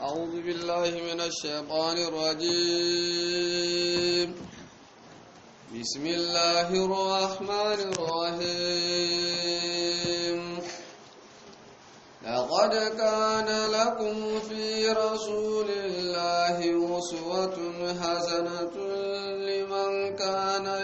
أعوذ بالله من الشيطان الرجيم بسم الله الرحمن الرحيم لقد كان لكم في رسول الله أسوة حسنة لمن كان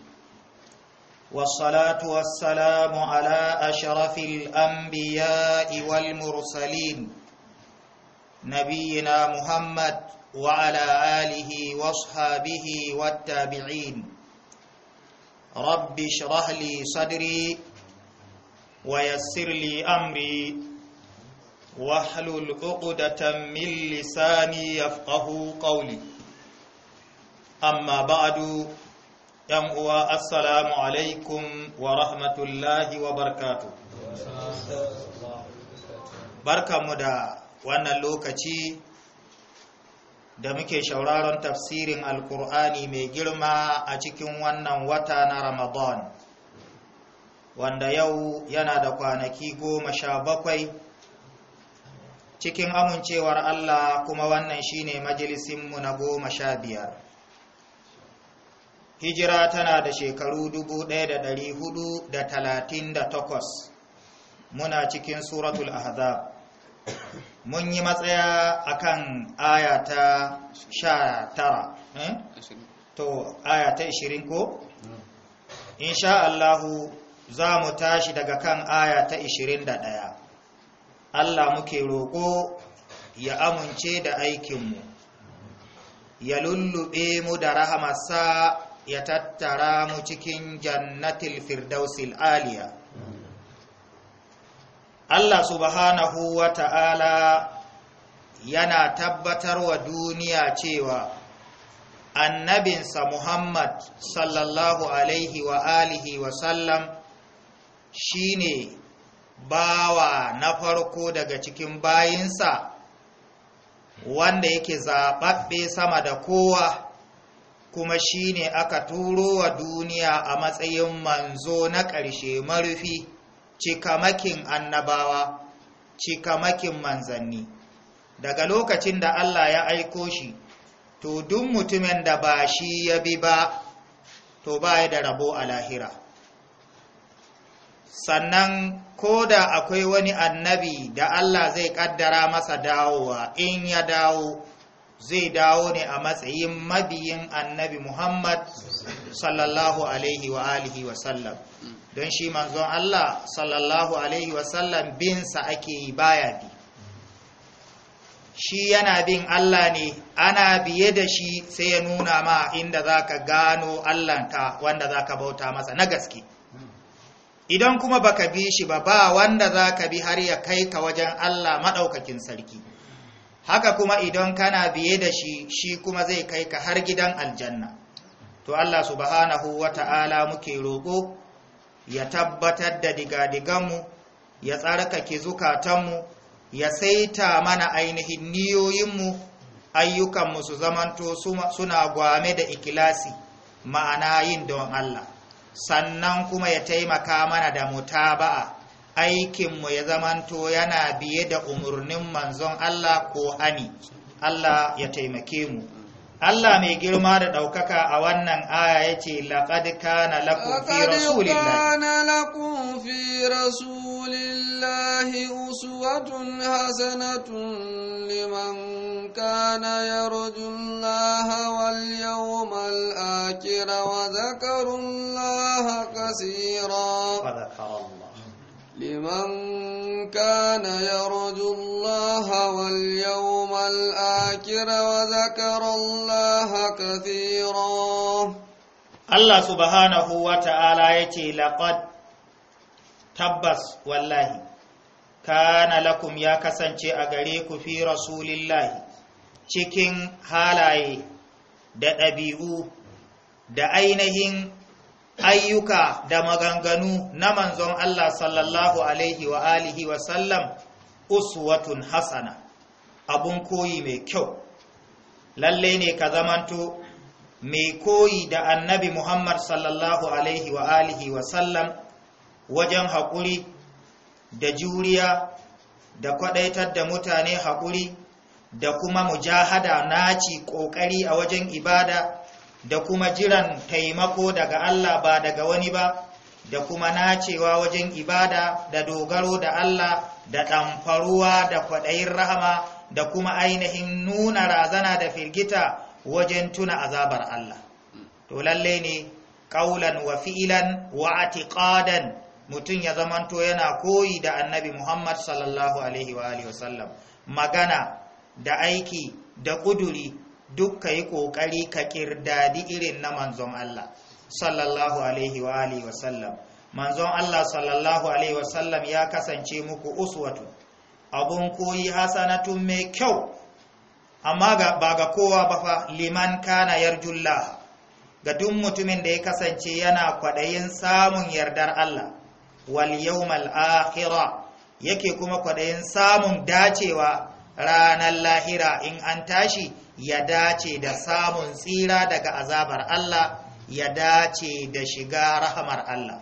والصلاة والسلام على أشرف الأنبياء والمرسلين نبينا محمد وعلى آله وصحابه والتابعين رب اشرح لي صدري ويسر لي أمري واحلل عقدة من لساني يفقه قولي أما بعد yan uwa assalamu alaikum wa rahmatullahi wa barkatu barkanmu da wannan lokaci da muke shauraron tafsirin alkur'ani mai girma a cikin wannan wata na ramadan wanda yau yana da kwanaki goma sha bakwai cikin amincewar allah kuma wannan shine majalisinmu na goma sha biyar hijira tana da shekaru 1438 muna cikin suratul ahzab mun yi matsaya a aya ta 19 tara eh? to aya ta 20 ko insha Allahu za mu tashi daga kan aya ta 21 Allah muke roƙo ya amince da aikinmu ya lullube mu da rahamarsa ya tattara mu cikin jannatil firdausil aliya Allah subhanahu wa ta'ala yana tabbatar wa duniya cewa annabinsa Muhammad sallallahu alaihi wa alihi wa sallam shine bawa na farko daga cikin bayinsa wanda yake zaɓaɓɓe sama da kowa kuma shi ne aka turo wa duniya a matsayin manzo na ƙarshe marufi cikamakin annabawa cikamakin manzanni daga lokacin da Allah ya aiko shi to duk mutumin da ba shi ya bi ba to ba da rabo a lahira sannan ko da akwai wani annabi da Allah zai kaddara masa dawowa in ya dawo zai dawo ne a matsayin mabiyin annabi Muhammad sallallahu alaihi wa alihi wa don shi manzon Allah sallallahu alaihi wa sallam ake yi baya bi shi yana bin Allah ne ana biye da shi sai ya nuna ma inda zaka gano Allah ta wanda zaka bauta masa na gaske idan kuma baka bi shi ba ba wanda zaka bi har ya kai ka wajen Allah maɗaukakin sarki haka kuma idan kana biye da shi shi kuma zai kai ka har gidan aljanna to Allah subhanahu wata'ala muke roƙo ya tabbatar da digadiganmu ya tsarkake zukatanmu ya saita mana ainihin niyoyinmu ayyukanmu su zamanto suna gwame da ikilasi ma'ana yin don Allah sannan kuma ya taimaka mana da mutaba'a aikinmu ya zamanto yana biye da umurnin manzon Allah ko hani Allah ya taimake mu Allah mai girma da ɗaukaka a wannan aya ya ce laƙad kana lakum fi rasulillahi uswatun hasanatun liman kana yarjullaha wal yawmal akhir wa dhakara Allah kaseera لمن كان يرجو الله واليوم الآخر وذكر الله كثيرا الله سبحانه وتعالى يتي لقد تبس والله kana lakum ya kasance a gare ku fi rasulillahi cikin halaye da ɗabi'u da ainihin ayyuka da maganganu na manzon Allah sallallahu alaihi wa alihi wa uswatun hasana abun koyi mai kyau lalle ne ka zamanto mai koyi da annabi Muhammad sallallahu alaihi wa alihi wa wajen haƙuri da juriya da kwaɗaitar da mutane haƙuri da kuma mujahada naci ƙoƙari a wajen ibada da kuma jiran taimako daga Allah ba daga wani ba da kuma nacewa wajen ibada da dogaro da Allah da ɗamfaruwa da kwaɗayin rahama da kuma ainihin nuna razana da firgita wajen tuna azabar Allah to lalle ne ƙaulan wa fi'ilan wa atiqadan mutum ya zamanto yana koyi da annabi Muhammad sallallahu alaihi wa sallam magana da aiki da ƙuduri duk ka yi ƙoƙari ka kirdadi irin na manzon Allah sallallahu alaihi wa alihi sallam manzon Allah sallallahu alaihi sallam ya kasance muku uswatu abun koyi hasanatu mai kyau amma ba ga kowa ba fa liman kana yarjullah ga duk mutumin da ya kasance yana kwaɗayin samun yardar Allah wal yawmal akhirah yake kuma kwaɗayin samun dacewa ranar lahira in an tashi ya dace da samun tsira daga azabar Allah ya dace da shiga rahamar Allah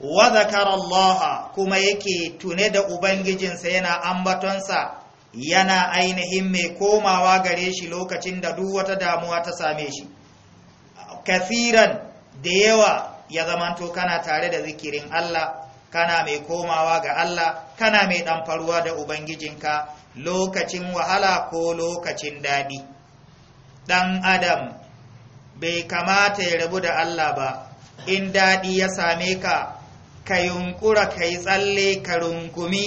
wa zakarallaha kuma yake tune da ubangijinsa yana ambatonsa yana ainihin mai komawa gare shi lokacin da duk wata damuwa ta same shi kafiran da yawa ya zamanto kana tare da zikirin Allah kana mai komawa ga Allah kana mai ɗanfaruwa da ubangijinka lokacin wahala ko lokacin daɗi ɗan adam bai kamata ya rabu da Allah ba in daɗi ya same ka ka yunkura ka yi tsalle ka rungumi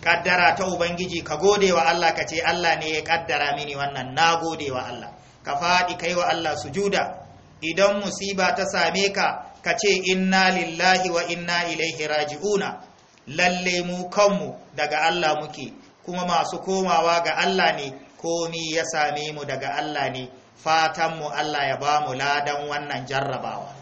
ƙaddara ta ubangiji ka gode wa Allah ka ce Allah ne ya ƙaddara mini wannan na gode wa Allah ka faɗi kai wa Allah sujuda idan musiba ta same ka ka ce inna lillahi wa inna ilaihi raji'una lalle mu kanmu daga Allah muke kuma masu komawa ga Allah ne komi ya same mu daga Allah ne fatanmu Allah ya ba mu ladan wannan jarrabawa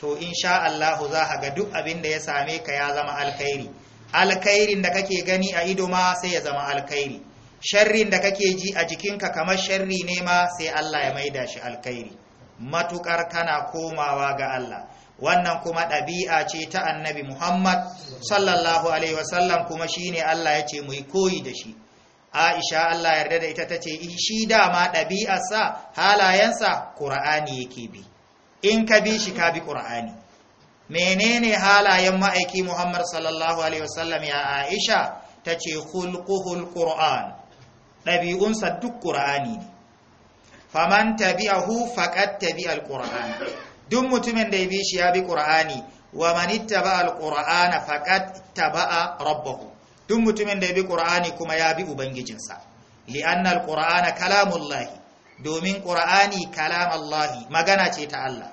to in sha Allahu za ka ga duk abin da ya same ka ya zama alkhairi alkhairin da kake gani a ido ma sai ya zama alkhairi sharrin da kake ji a jikinka kamar sharri ne ma sai Allah ya maida shi alkhairi matukar kana komawa ga Allah wannan kuma ɗabi'a ce ta annabi Muhammad sallallahu alaihi wasallam kuma shine Allah ya ce mu koyi da shi Aisha Allah yarda da ita tace shi dama ɗabi'arsa halayensa Qur'ani yake bi in ka bi shi ka bi Qur'ani menene halayen ma'aiki Muhammad sallallahu alaihi wasallam ya Aisha tace khulquhul Qur'an ɗabi'unsa duk Qur'ani ne faman tabi'ahu faqad tabi'al Qur'an duk mutumin da ya bi shi ya bi qur'ani wa man ittaba alqur'ana faqad taba'a rabbahu duk mutumin da ya bi qur'ani kuma ya bi ubangijinsa li'anna alqur'ana kalamullahi domin qur'ani kalamallahi magana ce ta Allah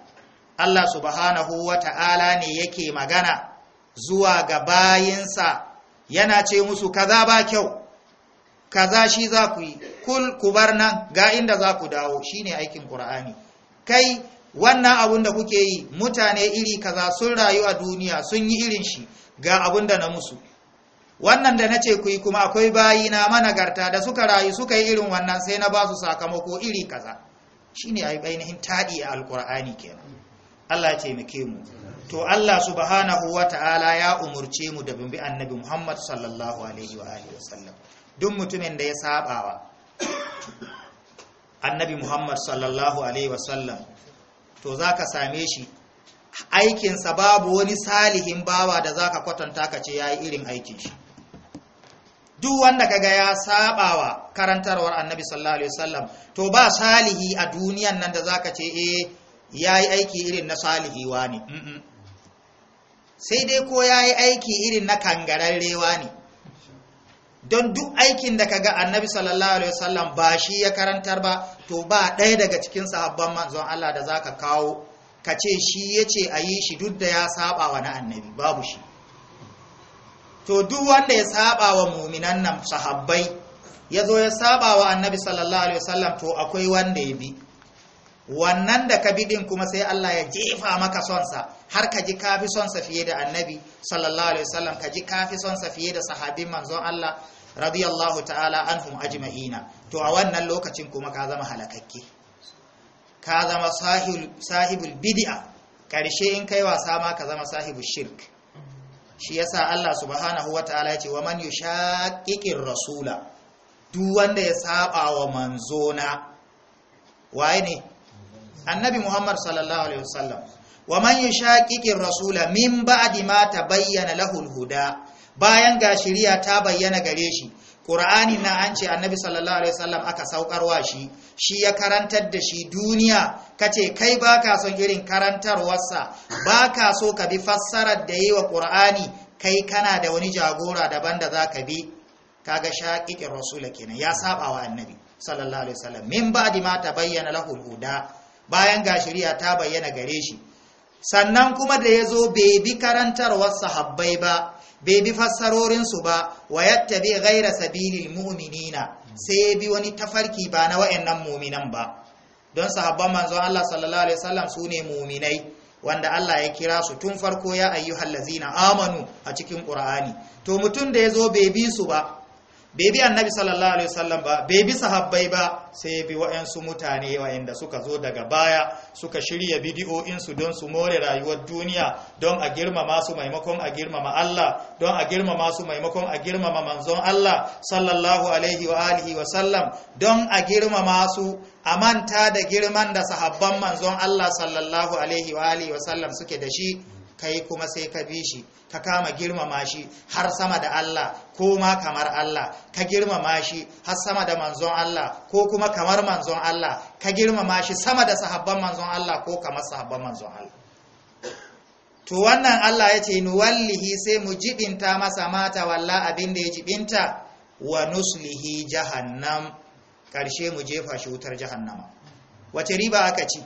Allah subhanahu wa ta'ala ne yake magana zuwa ga bayinsa yana ce musu kaza ba kyau kaza shi za ku yi kul ku bar nan ga inda za ku dawo shine aikin qur'ani kai wannan abun da kuke yi mutane iri kaza sun rayu a duniya sun yi irin shi ga abun da na musu wannan da na ce ku yi kuma akwai bayi na managarta da suka rayu suka yi irin wannan sai na ba su sakamako iri kaza shine ainihin taɗi a alkur'ani kenan Allah ya taimake mu to Allah subhanahu wata'ala ya umurce mu da bin bi annabi Muhammad sallallahu alaihi wa alihi wasallam duk mutumin da ya sabawa annabi Muhammad sallallahu alaihi wasallam to za ka same shi aikinsa babu wani salihin bawa da za ka kwatanta ka ce ya yi irin aikin shi duk wanda kaga ya wa karantarwar annabi sallallahu alaihi wasallam to ba salihi a duniyan nan da za ka ce eh yi aiki irin na salihi wani sai dai ko ya yi aiki irin na kangararrewa ne don duk aikin da kaga annabi sallallahu alaihi wasallam ba shi ya karantar ba to ba ɗaya daga cikin sahabban manzon Allah da zaka kawo ka ce shi ya ce a yi shi duk da ya saba wa na annabi babu shi to duk wanda ya saba wa muminan nan sahabbai ya zo ya saba wa annabi sallallahu alaihi wasallam to akwai wanda ya bi wannan da ka bidin kuma sai Allah ya jefa maka sonsa har ka ji kafi sonsa fiye da annabi sallallahu alaihi wasallam ka ji kafi sonsa fiye da sahabin manzon Allah radiyallahu ta'ala anhum ajma'ina to a wannan lokacin kuma ka zama halakakke ka zama sahibul bid'a karshe in kai wasa ma ka zama sahibul shirk shi yasa Allah subhanahu wataala yace wa man yushaqiqir rasula duk ya saba wa manzona waye ne annabi Muhammad sallallahu alaihi wasallam wa man yushaqiqir rasula min ba'di ma tabayyana lahu al bayan ga shari'a ta bayyana gare shi ƙura'ani na an ce annabi sallallahu alaihi wasallam aka saukarwa shi shi ya karantar da shi duniya kace kai baka son irin karantarwarsa baka so ka bi fassarar da yi wa ƙura'ani kai kana da wani jagora daban da za ka bi kaga shaƙiƙin rasula kenan ya saba wa annabi sallallahu alaihi wasallam min ba'di ma tabayyana lahu huda bayan ga shari'a ta bayyana gare shi sannan kuma da ya zo bai bi karantarwar sahabbai ba bai bi fassarorinsu ba wa gaira gaira sabilil mu'minina sai ya bi wani tafarki ba na nan mu'minan ba don sahabban manzon Allah sallallahu alaihi wasallam sune mu'minai wanda Allah ya kira su tun farko ya ayyuhallazina amanu a cikin Qur'ani to mutum da ya zo bai bi su ba bai bi annabi sallallahu alaihi wasallam ba bai bi sahabbai ba sai bi wa'ansu mutane wa'anda suka zo daga baya suka shirya su don su more rayuwar duniya don a girmama su maimakon a girmama Allah don a girmama su maimakon a girmama manzon Allah sallallahu alaihi wa alihi wa sallam don a girmama su a manta da girman da sahabban manzon Allah sallallahu alaihi wa alihi wa sallam suke da shi kai kuma sai ka bi shi ka kama girmama shi har sama da Allah ko ma kamar Allah ka girmama shi har sama da manzon Allah ko kuma kamar manzon Allah ka girmama shi sama da sahabban manzon Allah ko kamar sahabban manzon Allah to wannan Allah ya ce nuwallihi sai mu jibinta masa mata walla abin da ya jibinta wa nuslihi jahannam karshe mu jefa shi wutar jahannama wace riba aka ci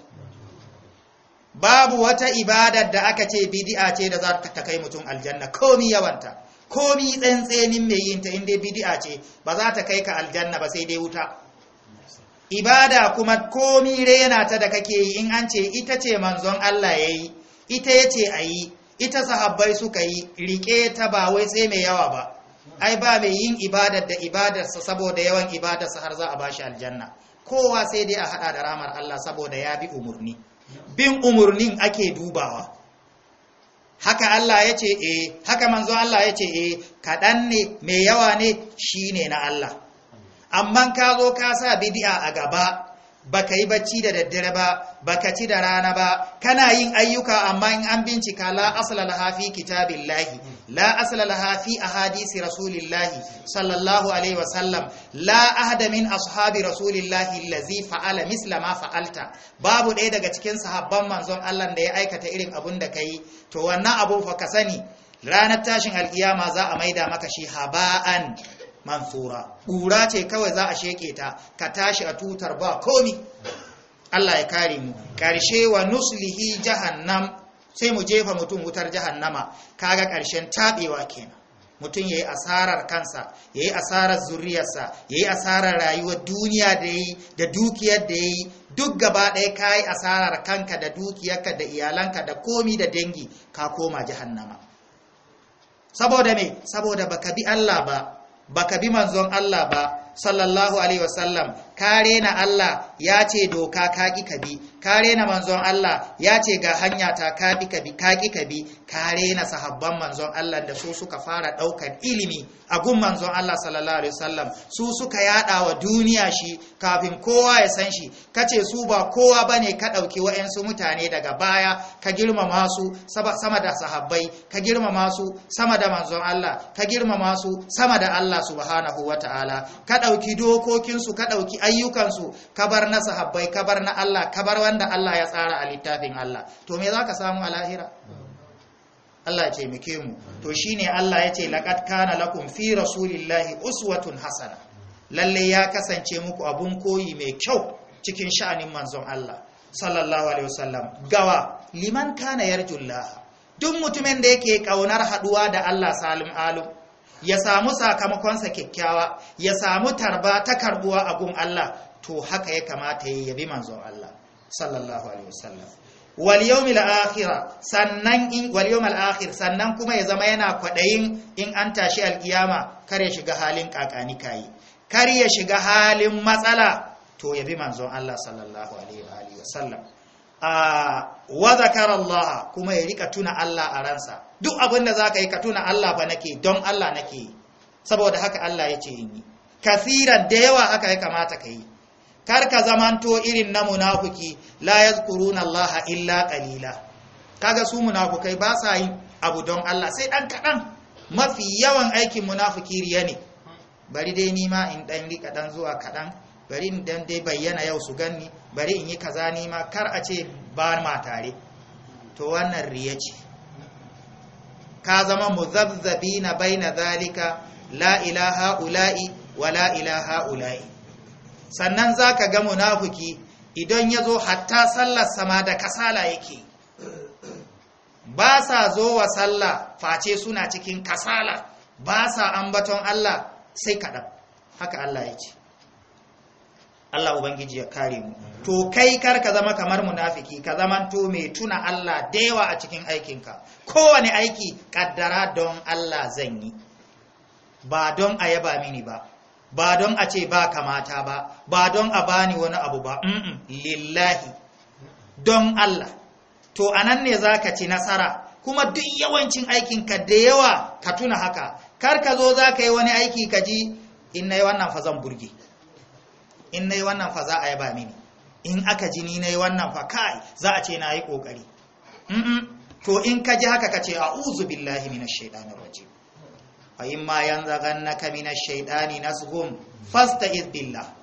babu wata ibadar da aka ce bidi'a ce da za ta kai mutum aljanna komi yawanta komi tsantsenin mai yinta inda bidi'a ce ba za ta kai ka aljanna ba sai dai wuta ibada kuma komi rena ta da kake yi in an ce ita ce manzon Allah ya yi, ita ya ce a yi, ita sahabbai suka yi rike ta ba wai sai mai yawa ba ai ba mai yin ibadar da ibadarsa saboda yawan ibadarsa har za a bashi aljanna kowa sai dai a haɗa da ramar Allah saboda ya bi umurni bin umurnin ake dubawa haka Allah ya ce eh haka manzo Allah ya ce eh kaɗan ne mai yawa ne shi ne na Allah amma ka zo ka sa bidi'a a gaba baka yi bacci da daddare ba baka ci da rana ba kana yin ayyuka amma in an bincika la aslal hafi kitabillahi la asla laha fi ahadisi rasulillahi sallallahu alaihi wasallam la ahada min ashabi rasulillahi allazi fa'ala misla fa'alta babu ɗaya daga cikin sahabban manzon Allah da ya aikata irin abun da kai to wannan abu fa ka sani ranar tashin alkiyama za a maida maka shi haba'an mansura kura ce kawai za a sheke ta ka tashi a tutar ba komi Allah ya kare mu Karshe wa nuslihi jahannam sai mu jefa mutum wutar jahannama kaga ƙarshen taɓewa kenan mutum ya yi asarar kansa ya yi asarar zuriyarsa ya yi asarar rayuwar duniya da ya yi da dukiyar da ya yi duk gaba ɗaya ka yi asarar kanka da dukiyarka da iyalanka da komi da dangi ka koma jahannama saboda me saboda baka bi Allah ba baka bi manzon Allah ba sallallahu alaihi wasallam Kare na Allah ya ce doka kaki ka bi kare na manzon Allah ya ce ga hanya ta ka kare ka bi ka bi kare na sahabban manzon Allah da su suka fara ɗaukar ilimi a gun manzon Allah sallallahu alaihi wasallam su suka yaɗa wa duniya shi kafin kowa ya san shi kace su ba kowa bane ka ɗauki wa'yansu mutane daga baya ka girmama su sama da sahabbai ka girmama su sama da manzon Allah ka girmama su sama da Allah subhanahu wata'ala ka ɗauki dokokinsu ka ɗauki ayyukansu kabar na sahabbai kabar na Allah kabar wanda Allah ya tsara a littafin Allah to me zaka samu a lahira Allah ce taimake mu to shi ne Allah ya ce laqad kana lakum fi rasulillahi uswatun hasana lalle ya kasance muku abun koyi mai kyau cikin sha'anin manzon Allah sallallahu alaihi wasallam gawa liman kana yarjullah duk mutumin da yake kaunar haduwa da Allah salim alim ya samu sakamakonsa kyakkyawa ya samu tarba ta karbuwa a gun Allah to haka ya kamata ya yabi manzon Allah sallallahu alaihi wasallam wal yawmil akhir sannan in wal yawmil akhir sannan kuma ya zama yana kwadayin in an tashi alkiyama kar ya shiga halin kakani kai kar ya shiga halin matsala to yabi manzon Allah sallallahu alaihi wa wa Allah kuma ya rika tuna Allah a ransa duk abinda da zaka yi ka tuna Allah fa nake don Allah nake saboda haka Allah ya ce yi kasiran da yawa haka ya kamata ka yi kar ka zamanto irin na munafuki, la yazkuruna Allah illa qalila kaga su munafukai ba sa yi abu don Allah sai ɗan kaɗan mafi yawan aikin munafuki riya ne bari dai nima in dan rika dan zuwa kaɗan. bari dan dai bayyana yau su ganni bari in yi kaza ni ma kar a ce ba ma tare to wannan riya ce ka zama na baina zalika la ilaha ula'i wa la ilaha ula'i sannan ka ga munafuki idan ya zo hatta sallar sama da kasala yake ba sa zo wa sallah face suna cikin kasala ba sa ambaton Allah sai kaɗan haka Allah ya ce Allah ubangiji ya kare mu to kai kar ka zama kamar munafiki ka zama to mai tuna Allah da yawa a cikin aikinka kowane aiki kaddara don Allah zan yi ba don a yaba mini ba ba don a ce ba kamata ba ba don a bani wani abu ba mm -mm. lillahi don Allah to anan ne za ka ci nasara kuma duk yawancin aikinka da yawa ka tuna haka kar ka zo za ka yi wani aiki ka ji in na yi wannan fa zan burge in na yi wannan fa za a yaba mini in aka ji ni nayi wannan fa kai za a ce nayi kokari mm to in ka ji haka ka ce a'udhu billahi minash shaitanir rajim fa imma na minash shaitani nasghum fasta'iz billah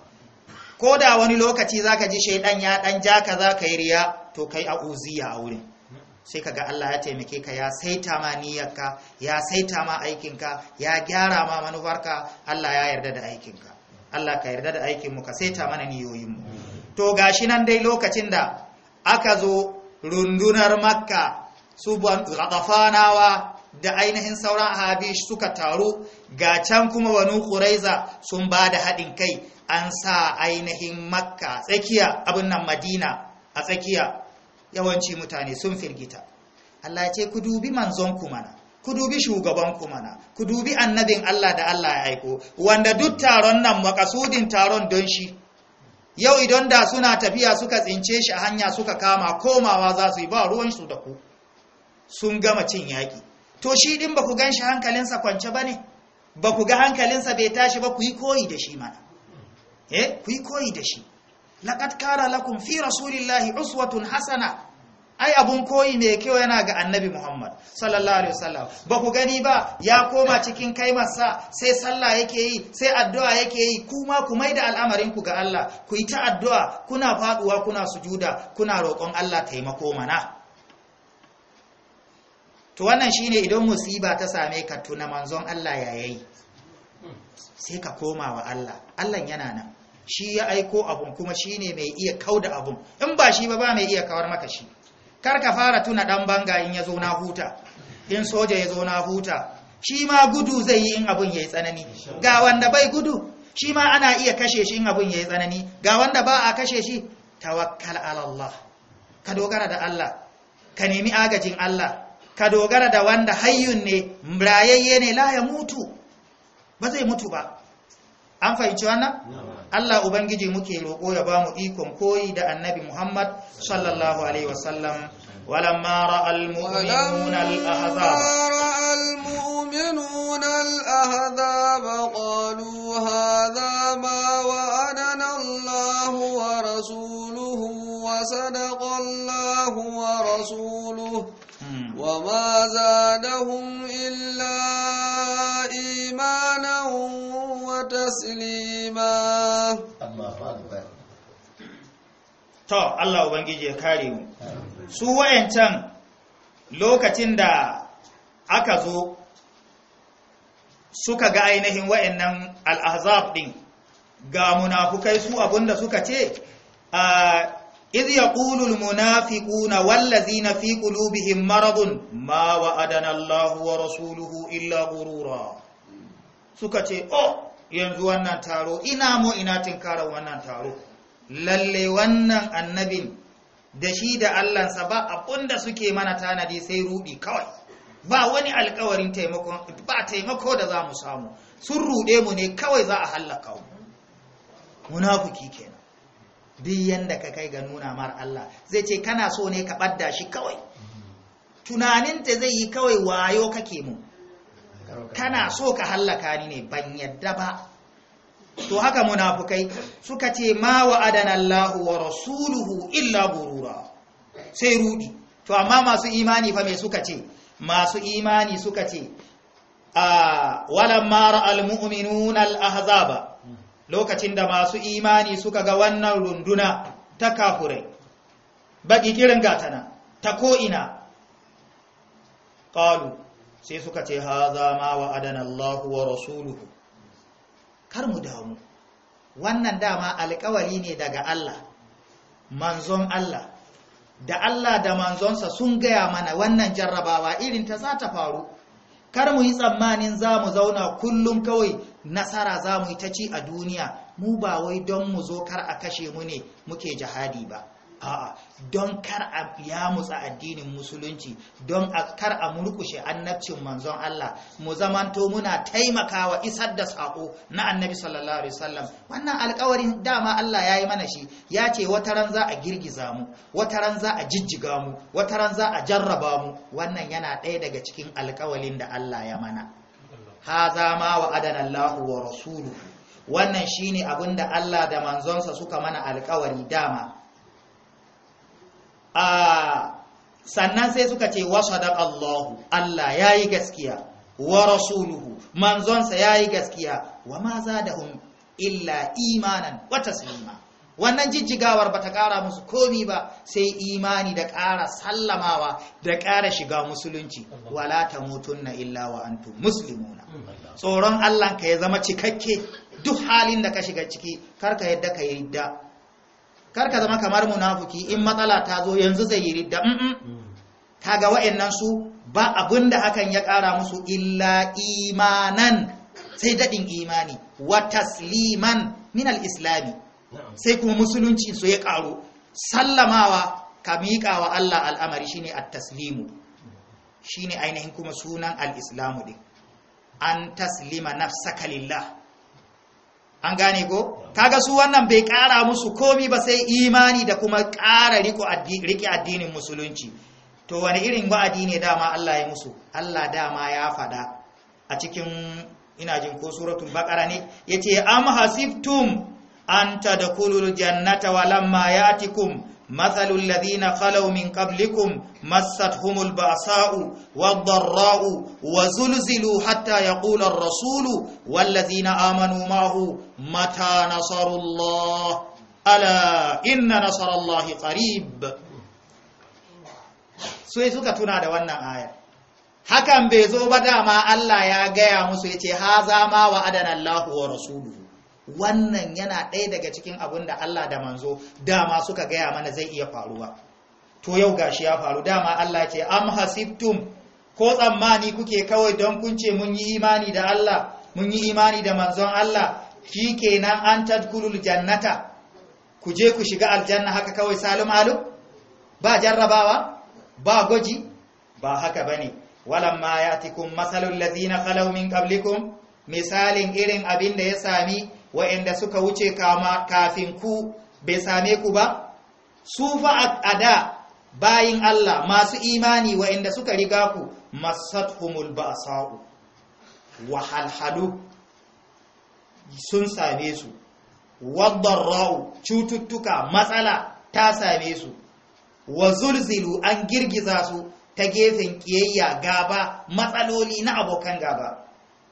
ko da wani lokaci za ka ji shaidan ya dan ja ka za ka yi riya to kai a'uziya a wurin sai ka ga Allah ya taimake ka ya saita ma niyyarka ya saita ma ka, ya gyara ma manufarka Allah ya yarda da aikin ka. Allah ka yarda da aikin mu ka saita mana niyoyin mu to gashi nan dai lokacin da aka zo rundunar makka su gadafanawa da ainihin sauran habish suka taru ga can kuma wani quraiza sun ba da haɗin kai an sa ainihin makka tsakiya abin nan madina a tsakiya yawanci mutane sun firgita Allah ce ku dubi manzon ku mana ku dubi shugaban mana ku dubi annabin Allah da Allah ya aiko wanda duk taron nan makasudin taron don shi yau idan da suna tafiya suka tsince shi a hanya suka kama komawa za su yi ba ruwan su da ku sun gama cin yaki to shi din ba ku gan shi hankalinsa kwance ba ne ba ku ga hankalinsa bai tashi ba ku yi koyi da shi mana eh ku yi koyi da shi laqad kara lakum fi rasulillahi uswatun hasana ai abun koyi mai kyau yana ga annabi Muhammad sallallahu alaihi wasallam ba ku gani ba ya koma cikin kaimarsa sai sallah yake yi sai addu'a yake yi kuma ku maida al'amarin ku ga Allah ku yi ta addu'a kuna faduwa kuna sujuda kuna roƙon Allah taimako mana to wannan shine idan musiba ta same ka tuna manzon Allah yayi sai ka koma wa Allah Allah yana nan shi ya aiko abun kuma shine mai iya kauda abun in ba shi ba ba mai iya kawar maka shi kar ka fara tuna dan banga in ya zo na huta in soja ya zo na huta shi ma gudu zai yi in abun ya yi tsanani ga wanda bai gudu shi ma ana iya kashe shi in abun ya yi tsanani ga wanda ba a kashe shi tawakkal Allah ka dogara da Allah ka nemi agajin Allah ka dogara da wanda hayyun ne rayayye ne la ya mutu ba zai mutu ba an fahimci wannan Allah Ubangiji muke roƙo ya ba mu ikon koyi da annabi Muhammad sallallahu Alaihi wasallam walamma ra'al mu'minun al-ahzab qalu hadha ma wa'adana Allah Ha rasuluhu wa sadaqa Allah wa rasuluhu hmm. wa ma zadahum illa imanan taslima to Allah ubangije ya kare mu su wayancan lokacin da aka zo suka ga ainihin wayannan al-ahzab din ga munafukai su abun da suka ce a idh yaqulu na munafiquna wallazina fi qulubihim maradun ma wa'adana Allahu wa rasuluhu illa ghurura suka ce oh yanzu wannan taro ina mo ina tinkara wannan taro lalle wannan annabin da shi da allansa ba abunda suke mana tanadi sai rubi kawai ba wani alkawarin taimako ba taimako da za mu samu sun rude mu ne kawai za a hallaka mu munafiki kenan duk yanda ka kai ga nuna mar Allah zai ce kana so ne ka badda shi kawai Tunanin tunaninta zai yi kawai wayo kake mu kana so ka hallaka ni ne ban yadda ba to haka munafukai suka ce ma wa'adana Allah wa rasuluhu illa burura, sai rudi to amma masu imani fa me suka ce masu imani suka ce a walamma ra'al mu'minuna al-ahzaba lokacin da masu imani suka ga wannan runduna ta kafure baki kirin gatana ta ko'ina qalu sai suka ce haza ma wa adanallahu wa rasuluhu kar mu damu wannan dama alƙawari ne daga Allah manzon Allah da Allah da manzonsa sun gaya mana wannan jarrabawa irin ta za ta faru kar mu yi tsammanin za mu zauna kullum kawai nasara za mu yi ta ci a duniya mu ba wai don mu zo kar a kashe mu ne muke jihadi ba a'a don kar a yamutsa mutsa addinin musulunci don kar a murkushe annabcin manzon Allah mu zamanto muna taimakawa isar da sako na annabi sallallahu alaihi wasallam wannan alƙawarin dama Allah yayi mana shi ya ce wata ran za a girgiza mu wata ran za a jijjiga mu wata ran za a jarraba mu wannan yana ɗaya daga cikin alkawalin da Allah ya mana Ha ma wa adana Allah wa rasuluhu wannan shine abinda Allah da manzonsa suka mana alkawari dama a sannan sai suka ce wa sadaqallahu Allah ya yi gaskiya wa rasuluhu manzonsa ya yi gaskiya wa ma hun illa imanan wata sunima. wannan jijjigawar ba ta ƙara musu komi ba sai imani da ƙara sallamawa da ƙara shiga musulunci wala mutunna illa wa antum muslimuna tsoron Allah ka ya zama cikakke duk halin da ka shiga ciki karka yadda ka yi da. kar ka zama kamar munafiki in matsala ta zo yanzu zai yi ridda mm. kaga wa'annan su ba abin da hakan ya ƙara musu illa imanan sai daɗin imani wa tasliman min al'islami, sai kuma musulunci su ya ƙaru sallamawa ka miƙawa Allah al'amari shine at-taslimu shine ainihin kuma sunan al-islamu din an taslima na sakalillah. an gane ko kaga su wannan bai ƙara musu komi ba sai imani da kuma ƙara riƙe addinin musulunci to wani irin wa'adi ne dama Allah ya musu Allah dama ya fada a cikin ina jin ko suratul baqara ne yace am hasibtum an tadkhulul jannata walamma yatikum مثل الذين خلوا من قبلكم مستهم البأساء والضراء وزلزلوا حتى يقول الرسول والذين آمنوا معه متى نصر الله ألا إن نصر الله قريب sai suka tuna da wannan aya hakan bai zo ba dama Allah ya gaya musu yace haza ma wa adana Allah wa rasuluhu wannan yana ɗaya daga cikin abin da Allah da manzo dama suka gaya mana zai iya faruwa to yau gashi ya faru dama Allah ce am hasibtum ko tsammani kuke kawai don kun ce mun yi imani da Allah mun yi imani da manzon Allah kenan an tadkulul jannata ku je ku shiga aljanna haka kawai salim alu ba jarrabawa ba gwaji ba haka bane ma ya'tikum masalul ladina khalaw min qablikum misalin irin abin da ya sami wa'inda suka wuce kama kafin ku bai same ku ba su fa a da bayin Allah masu imani wa'inda suka riga ku masathumul ba'sa'u wahalhalu sun same su wadarra'u cututtuka matsala ta same su wa zulzilu an girgiza su ta gefen kiyayya gaba matsaloli na abokan gaba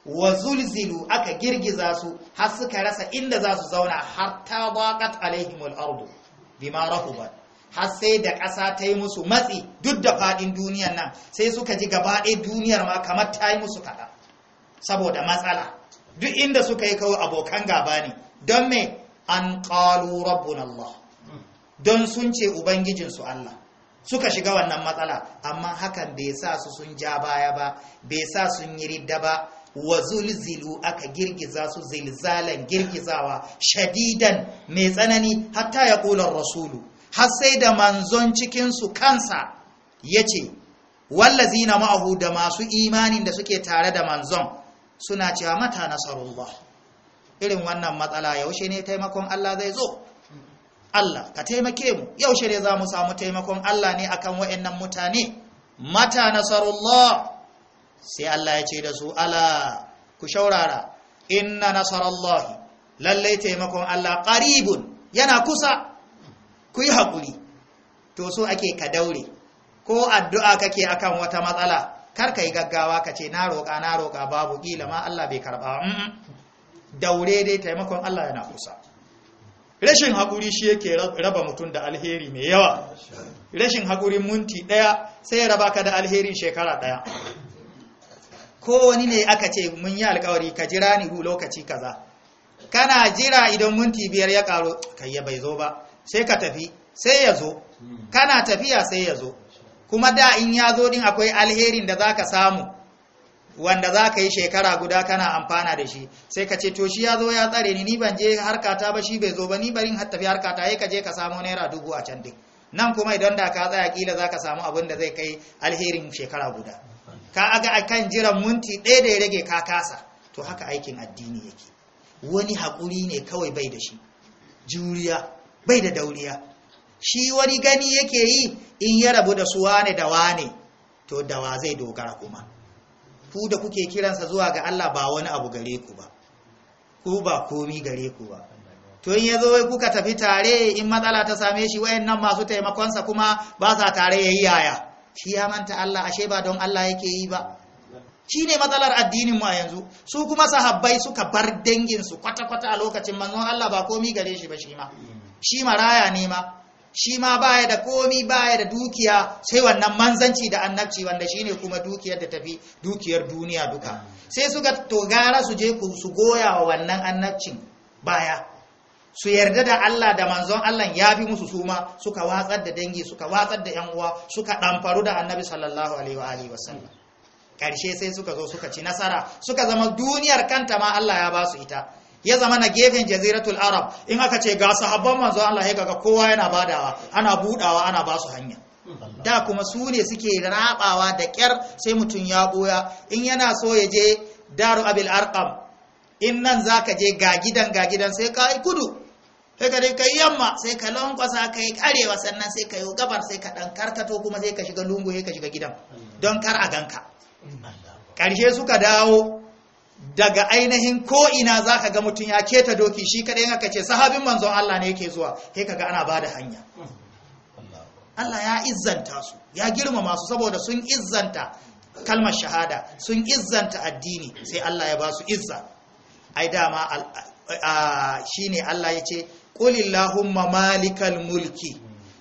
wa zulzilu aka girgiza su har suka rasa inda za su zauna har ta baqat alaihimul ardu bima rahubat har sai da ƙasa ta yi musu matsi duk da faɗin duniyar nan sai suka ji gaba duniyar ma kamar ta yi musu kaɗa saboda matsala duk inda suka yi kawai abokan gaba ne don me an ƙalu rabbun Allah don sun ce ubangijinsu Allah suka shiga wannan matsala amma hakan bai sa su sun ja baya ba bai sa sun yi ridda ba wa zulzilu aka girgiza su zilzalan girgizawa shadidan mai tsanani hatta ya ƙular rasulu har sai da manzon cikinsu kansa ya ce wallazi na ma'ahu da masu imanin da suke tare da manzon suna cewa mata nasarullah irin wannan matsala yaushe ne taimakon Allah zai zo Allah ka taimake mu yaushe ne za mu samu taimakon Allah ne akan waɗannan mutane mata nasarullah sai Allah ya ce da su ala ku shaurara inna nasarallahi lallai taimakon Allah qaribun yana kusa ku yi hakuri to so ake ka daure ko addu'a kake akan wata matsala kar kai gaggawa kace na roƙa na roƙa babu kila ma Allah bai karba daure dai taimakon Allah yana kusa rashin hakuri shi yake raba mutum da alheri mai yawa rashin hakurin munti ɗaya sai ya raba ka da alherin shekara ɗaya kowani ne aka ce mun yi alkawari ka jira ni hu lokaci kaza kana jira idan minti biyar ya karo kai bai zo ba sai ka tafi sai ya zo kana tafiya sai ya zo kuma da in ya zo din akwai alherin da zaka samu wanda zaka yi shekara guda kana amfana da shi sai ka ce to shi ya zo ya tsare ni ni ban je harkata ba shi bai zo ba ni barin tafi harkata ya ka je ka samu naira dubu a can din nan kuma idan da ka tsaya kila zaka samu abin da zai kai alherin shekara guda ka aga akan jiran munti ɗaya da ya rage ka kasa to haka aikin addini yake wani haƙuri ne kawai bai da shi juriya bai da dauriya shi wani gani yake yi in ya rabu da su wane da wane to da wa zai dogara kuma ku da kuke kiransa zuwa ga Allah ba wani abu gare ku ba ku ba komi gare ku ba to in ya zo kuka tafi tare in matsala ta same shi wayannan masu taimakonsa kuma ba sa tare yayi yaya shi ya manta Allah ashe ba don Allah yake yi ba shi ne matsalar addinin mu a yanzu su kuma sahabbai suka bar dangin su kwata-kwata a lokacin manzon Allah ba komi gare shi ba shi ma shi maraya ne ma shi ma baya da komi baya da dukiya sai wannan manzanci da annabci wanda shine kuma dukiyar da tafi dukiyar duniya duka sai suka to gara su je ku su goya wa wannan annabcin baya su yarda da Allah da manzon Allah ya fi musu suma suka watsar da dangi suka watsar da yan uwa suka faru da annabi sallallahu alaihi wa alihi karshe sai suka zo suka ci nasara suka zama duniyar kanta ma Allah ya ba su ita ya zama na gefen jaziratul arab in aka ce ga sahabban manzon Allah ya ga kowa yana badawa ana budawa ana ba su hanya da kuma su ne suke rabawa da kyar sai mutum ya boya in yana so ya je daru abil arqam in nan za ka je ga gidan ga gidan sai ka yi kudu sai ka ka yi yamma sai ka lankwasa ka yi karewa sannan sai ka yi gabar sai ka ɗan karkato kuma sai ka shiga lungu sai ka shiga gidan don kar a ganka Karshe suka dawo daga ainihin ko'ina za ka ga mutum ya keta doki shi kaɗai aka ce sahabin manzon Allah ne yake zuwa sai ka ga ana ba da hanya Allah ya izzanta su ya girmama su saboda sun izzanta kalmar shahada sun izzanta addini sai Allah ya ba su izza ai dama shine Allah ya ce qulillahumma malikal mulki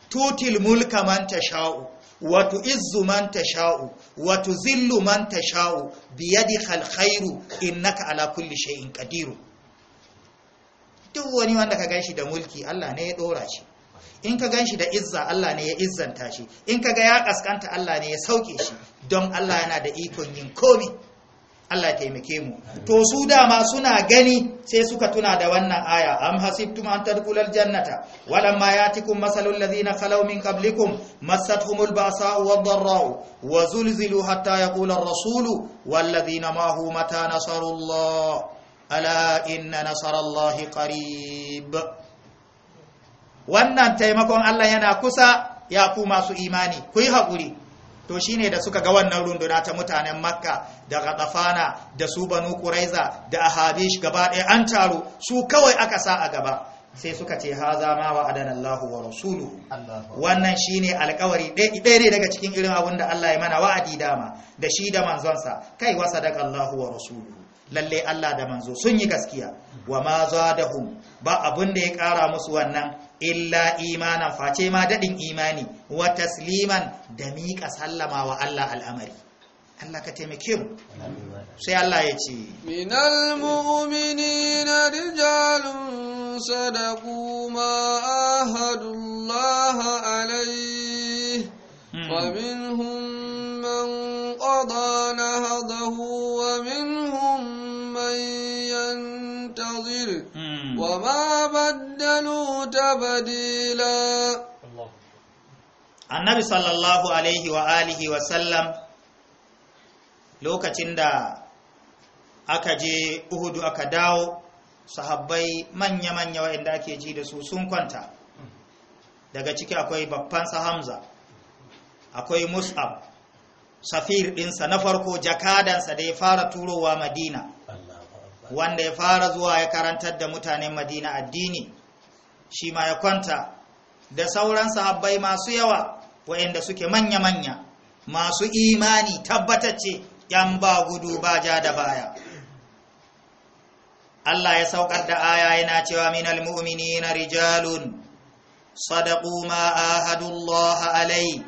tutil mulka man tasha'u wa tu'izzu man tasha'u wa tuzillu man tasha'u biyadikal khairu innaka ala kulli shay'in qadiru duk wani wanda ka ganshi da mulki Allah ne ya dora shi in ka ganshi da izza Allah ne ya izzanta shi in ka ga ya kaskanta Allah ne ya sauke shi don Allah yana da ikon yin komai Allah taimake mu to su dama suna gani sai suka tuna da wannan aya am hasibtum an tadkhulul jannata walamma yatikum masalul ladhina khalaw min qablikum massatuhumul ba'sa'u wad-dharra'u wa zulzilu hatta yaqula ar-rasulu wal ladhina ma hum mata nasarullah ala inna nasarallahi qarib wannan taimakon Allah yana kusa ya ku masu imani ku yi haƙuri to shi ne da suka ga wannan runduna ta mutanen makka da gatsafana da su banu quraiza da ahabish gaba ɗaya an taru su kawai aka sa a gaba sai suka ce haza ma wa adana Allah wa rasulu wannan shi ne alkawari ɗaya ne daga cikin irin abin da Allah ya mana wa'adi dama da shi da manzonsa kai wa sadaka Allah wa rasulu lalle Allah da manzo sun yi gaskiya wa ma zadahum ba abun da ya kara musu wannan illa imanan face ma dadin imani wa tasliman da miƙa sallama wa Allah al'amari Allah ka taimake mu sai Allah ya ce minal mu'minina rijalun sadaqu ma ahadullah alayhi wa minhum man qada nahdahu wa minhum المنظر وما بدلوا تبديلا annabi sallallahu alaihi wa alihi wa lokacin da aka je uhudu aka dawo sahabbai manya-manya waɗanda ake ji da su sun kwanta daga ciki akwai sa hamza akwai mus'ab safir ɗinsa na farko jakadansa da ya fara turowa madina wanda ya fara zuwa ya karantar da mutanen madina addini shi ma ya kwanta da sauran sahabbai masu yawa wa'inda suke manya-manya masu imani tabbatacce yan ba gudu ba ja da baya Allah ya saukar da aya yana cewa minal na rijalun sadaqu ma ahadullaha alai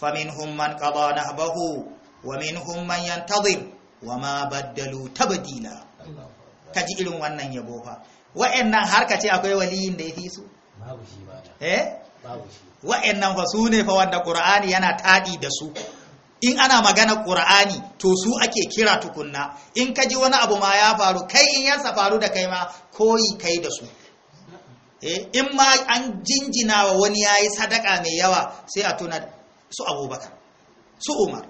faminhum man qada nahbahu wa minhum man yantazir wa ma baddalu tabdila ka ji irin wannan yabo fa wa'annan har ka ce akwai waliyin da ya fi su eh? wa'annan fa su ne fa wanda ƙura'ani yana taɗi da su in ana magana ƙur'ani to su ake kira tukunna in ka ji wani abu ma ya faru kai in yansa faru da kai ma koyi kai da su eh? in ma an jinjina wa wani ya yi sadaka mai yawa sai a tuna su abubakar su umar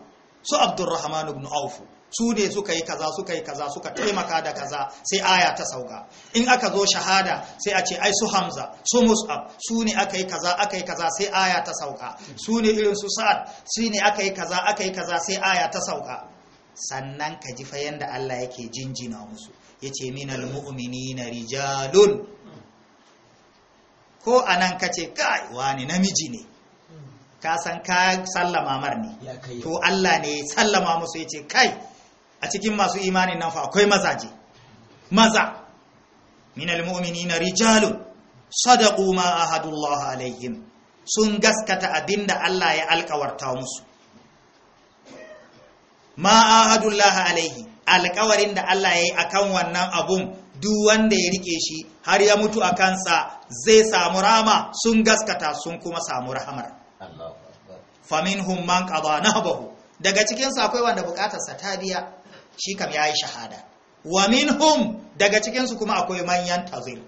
su abdurrahman ibn auf su ne suka yi kaza suka yi kaza suka taimaka da kaza sai aya ta sauka in aka zo shahada sai a ce ai su hamza su mus'ab su ne aka yi kaza aka yi kaza sai aya ta sauka su ne irin su sa'ad su ne aka yi kaza aka yi kaza sai aya ta sauka sannan ka ji fa yanda Allah yake jinjina musu yace minal mu'minina rijalun ko anan kace kai wani namiji ne ka san ka sallama mar ne to Allah ne sallama musu yace kai a cikin masu imani nan fa akwai mazaje maza min almu'minina rijalun sadaqu ma ahadullahi alaihim sun gaskata abinda Allah ya alkawarta musu ma ahadullahi alaihi alkawarin da Allah ya yi akan wannan abun duk wanda ya rike shi har ya mutu a kansa zai samu rama sun gaskata sun kuma samu rahamar faminhum man qada nahbahu daga cikin sa akwai wanda bukatar ta biya shi kam ya yi shahada wa minhum daga cikinsu kuma akwai manyan tazir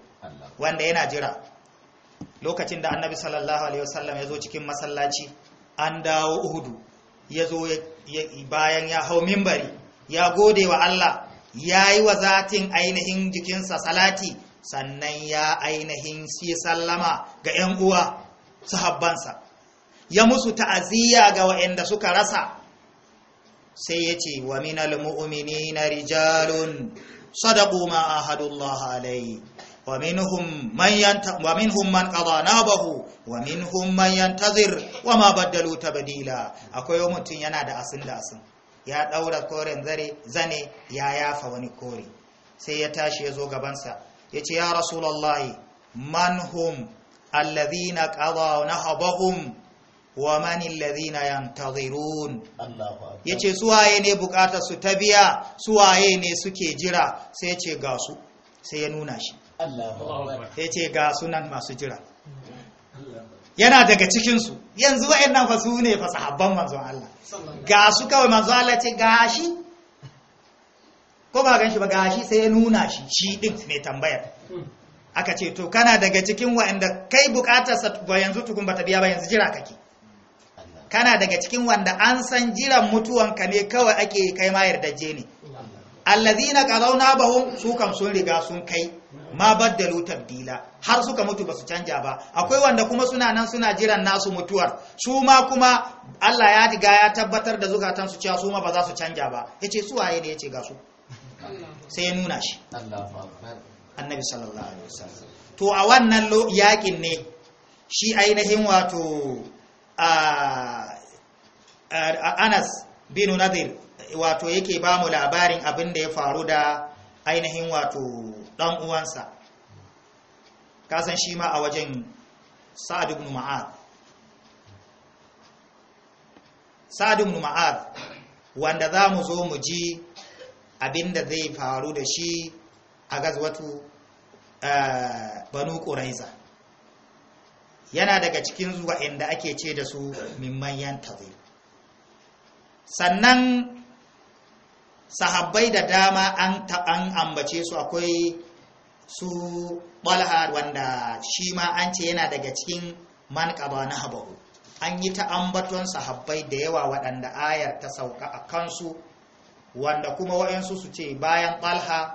wanda yana jira lokacin da annabi sallallahu alaihi wasallam ya zo cikin masallaci an dawo uhudu ya zo bayan ya hau mimbari ya gode wa Allah ya yi wa zatin ainihin jikinsa salati sannan ya ainihin si sallama ga 'yan uwa sahabbansa ya musu ta'aziyya ga waɗanda suka rasa sai ya ce wa minal mu'mini na rijalun sadaku ma ahadullah alaihi wa minhum man na nabahu wa minhum man yantazir wa ma baddalu badila. akwai mutum yana da asin da asin ya ɗaura koren zare zane ya yafa wani kore sai ya tashi ya zo gabansa ya ce ya rasulullahi man hum alladhina na nahabahum wa manin lazina yantazirun ya ce suwaye ne bukatar su ta biya suwaye ne suke jira sai yace ga su sai ya nuna shi ya ce ga sunan masu jira yana daga cikinsu yanzu wa'annan fa su ne fa sahabban manzon Allah ga su kawai manzon Allah ce ga shi ko ba ganshi shi ba ga shi sai ya nuna shi shi din mai tambayar hmm. aka ce to kana daga cikin wa'anda kai bukatarsa ba yanzu tukun ba ta biya ba yanzu jira kake kana daga cikin wanda an san jiran mutuwan ka ne kawai ake kai ma yarda je ne allazina qadawna bahum su sun riga sun kai ma baddalu tabdila har suka mutu basu canja ba akwai wanda kuma suna nan suna jiran nasu mutuwar su ma kuma Allah ya riga ya tabbatar da zukatan su cewa su ma ba za su canja ba yace su waye ne yace ga su sai ya nuna shi annabi sallallahu alaihi wasallam to a wannan yakin ne shi ainihin wato A ah, ah, anas bin nadir wato yake ba mu labarin abin da ya faru da ainihin wato ɗan uwansa kasan shi ma a wajen sa'ad ibn ma'ad sa'ad ma'ad wanda za mu zo mu ji abin da zai faru da shi a gazwatu eh, banu ƙuraiza yana daga cikin zuwa inda ake ce da su mimman yantazir sannan sahabbai da dama an ta'an ambace su akwai su ɓalha, wanda shi ma an ce yana daga cikin ƙaba na habahu an yi ta ambaton sahabbai da yawa waɗanda ayar ta sauka a kansu wanda kuma waɗansu su ce bayan ɓalha,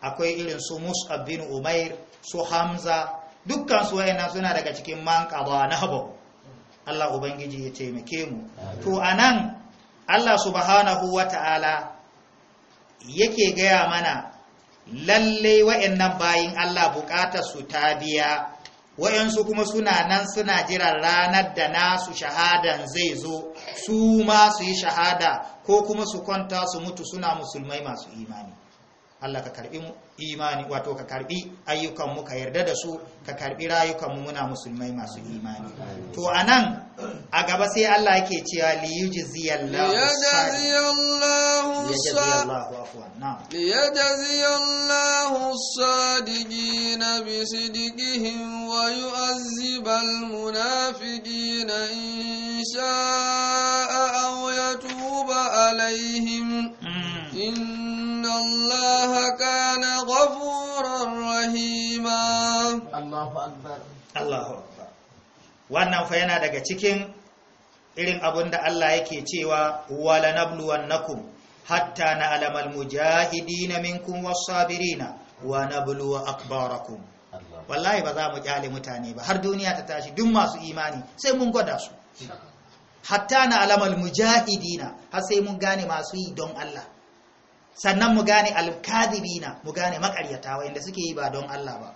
akwai irin su Musa bin umair su hamza dukkan su suna daga cikin man manqaba nahbu Allah ubangiji ya taimake mu to anan Allah subhanahu wata'ala yake gaya mana lalle wayannan bayin Allah bukatar su tabiya wayansu kuma suna nan suna jiran ranar da nasu shahadan zai zo su ma su yi shahada ko kuma su kwanta su mutu suna musulmai masu imani Allah ka karbi imani wato ka karbi ayyukan mu ka yarda da su ka karbi rayukan mu muna musulmai masu imani to anan a gaba sai Allah yake cewa li yujziyallahu yajziyallahu as-sadiqin bi sidqihim wa yu'azzibal munafiqina in sha'a aw yatuba alaihim الله كان غفورا رحيما الله أكبر الله wannan fa yana daga cikin irin abun da Allah yake cewa wala nabluwannakum hatta na na'lamal mujahidina minkum was-sabirina wa nabluwa akbarakum wallahi ba za mu kyale mutane ba har duniya ta tashi duk masu imani sai mun gwada su hatta na alamal mujahidina har sai mun gane masu yi don Allah sannan mu gane alkadibina mu gane makaryata wanda suke yi ba don Allah ba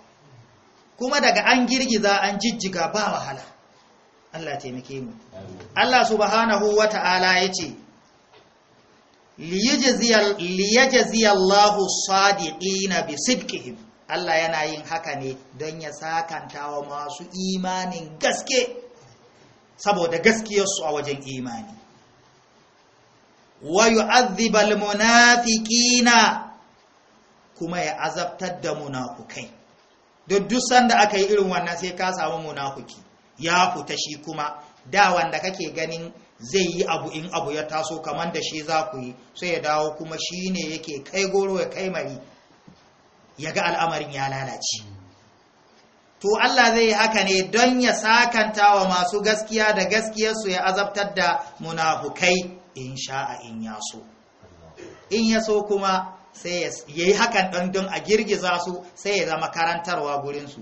kuma daga an girgiza an jijjiga ba wahala Allah taimake mu Allah subhanahu wata'ala yace liyajziya Allahu sadiqina bisidqihim Allah yana yin haka ne don ya sakantawa masu imanin gaske saboda gaskiyarsu a wajen imani wa yu'adhib almunafiqina kuma ya azabtar da munafukai duk duk sanda aka yi irin wannan sai ka samu munafuki ya fita shi kuma da wanda kake ganin zai yi abu in abu ya taso kamar da shi za ku yi sai ya dawo kuma shi ne yake kai goro ya kai mari ya ga al'amarin ya lalace to Allah zai yi haka ne don ya sakanta wa masu gaskiya da gaskiyarsu ya azabtar da munafukai in sha'a in ya so in ya so kuma sai ya yi hakan ɗan don a girgiza su sai ya zama karantarwa gurinsu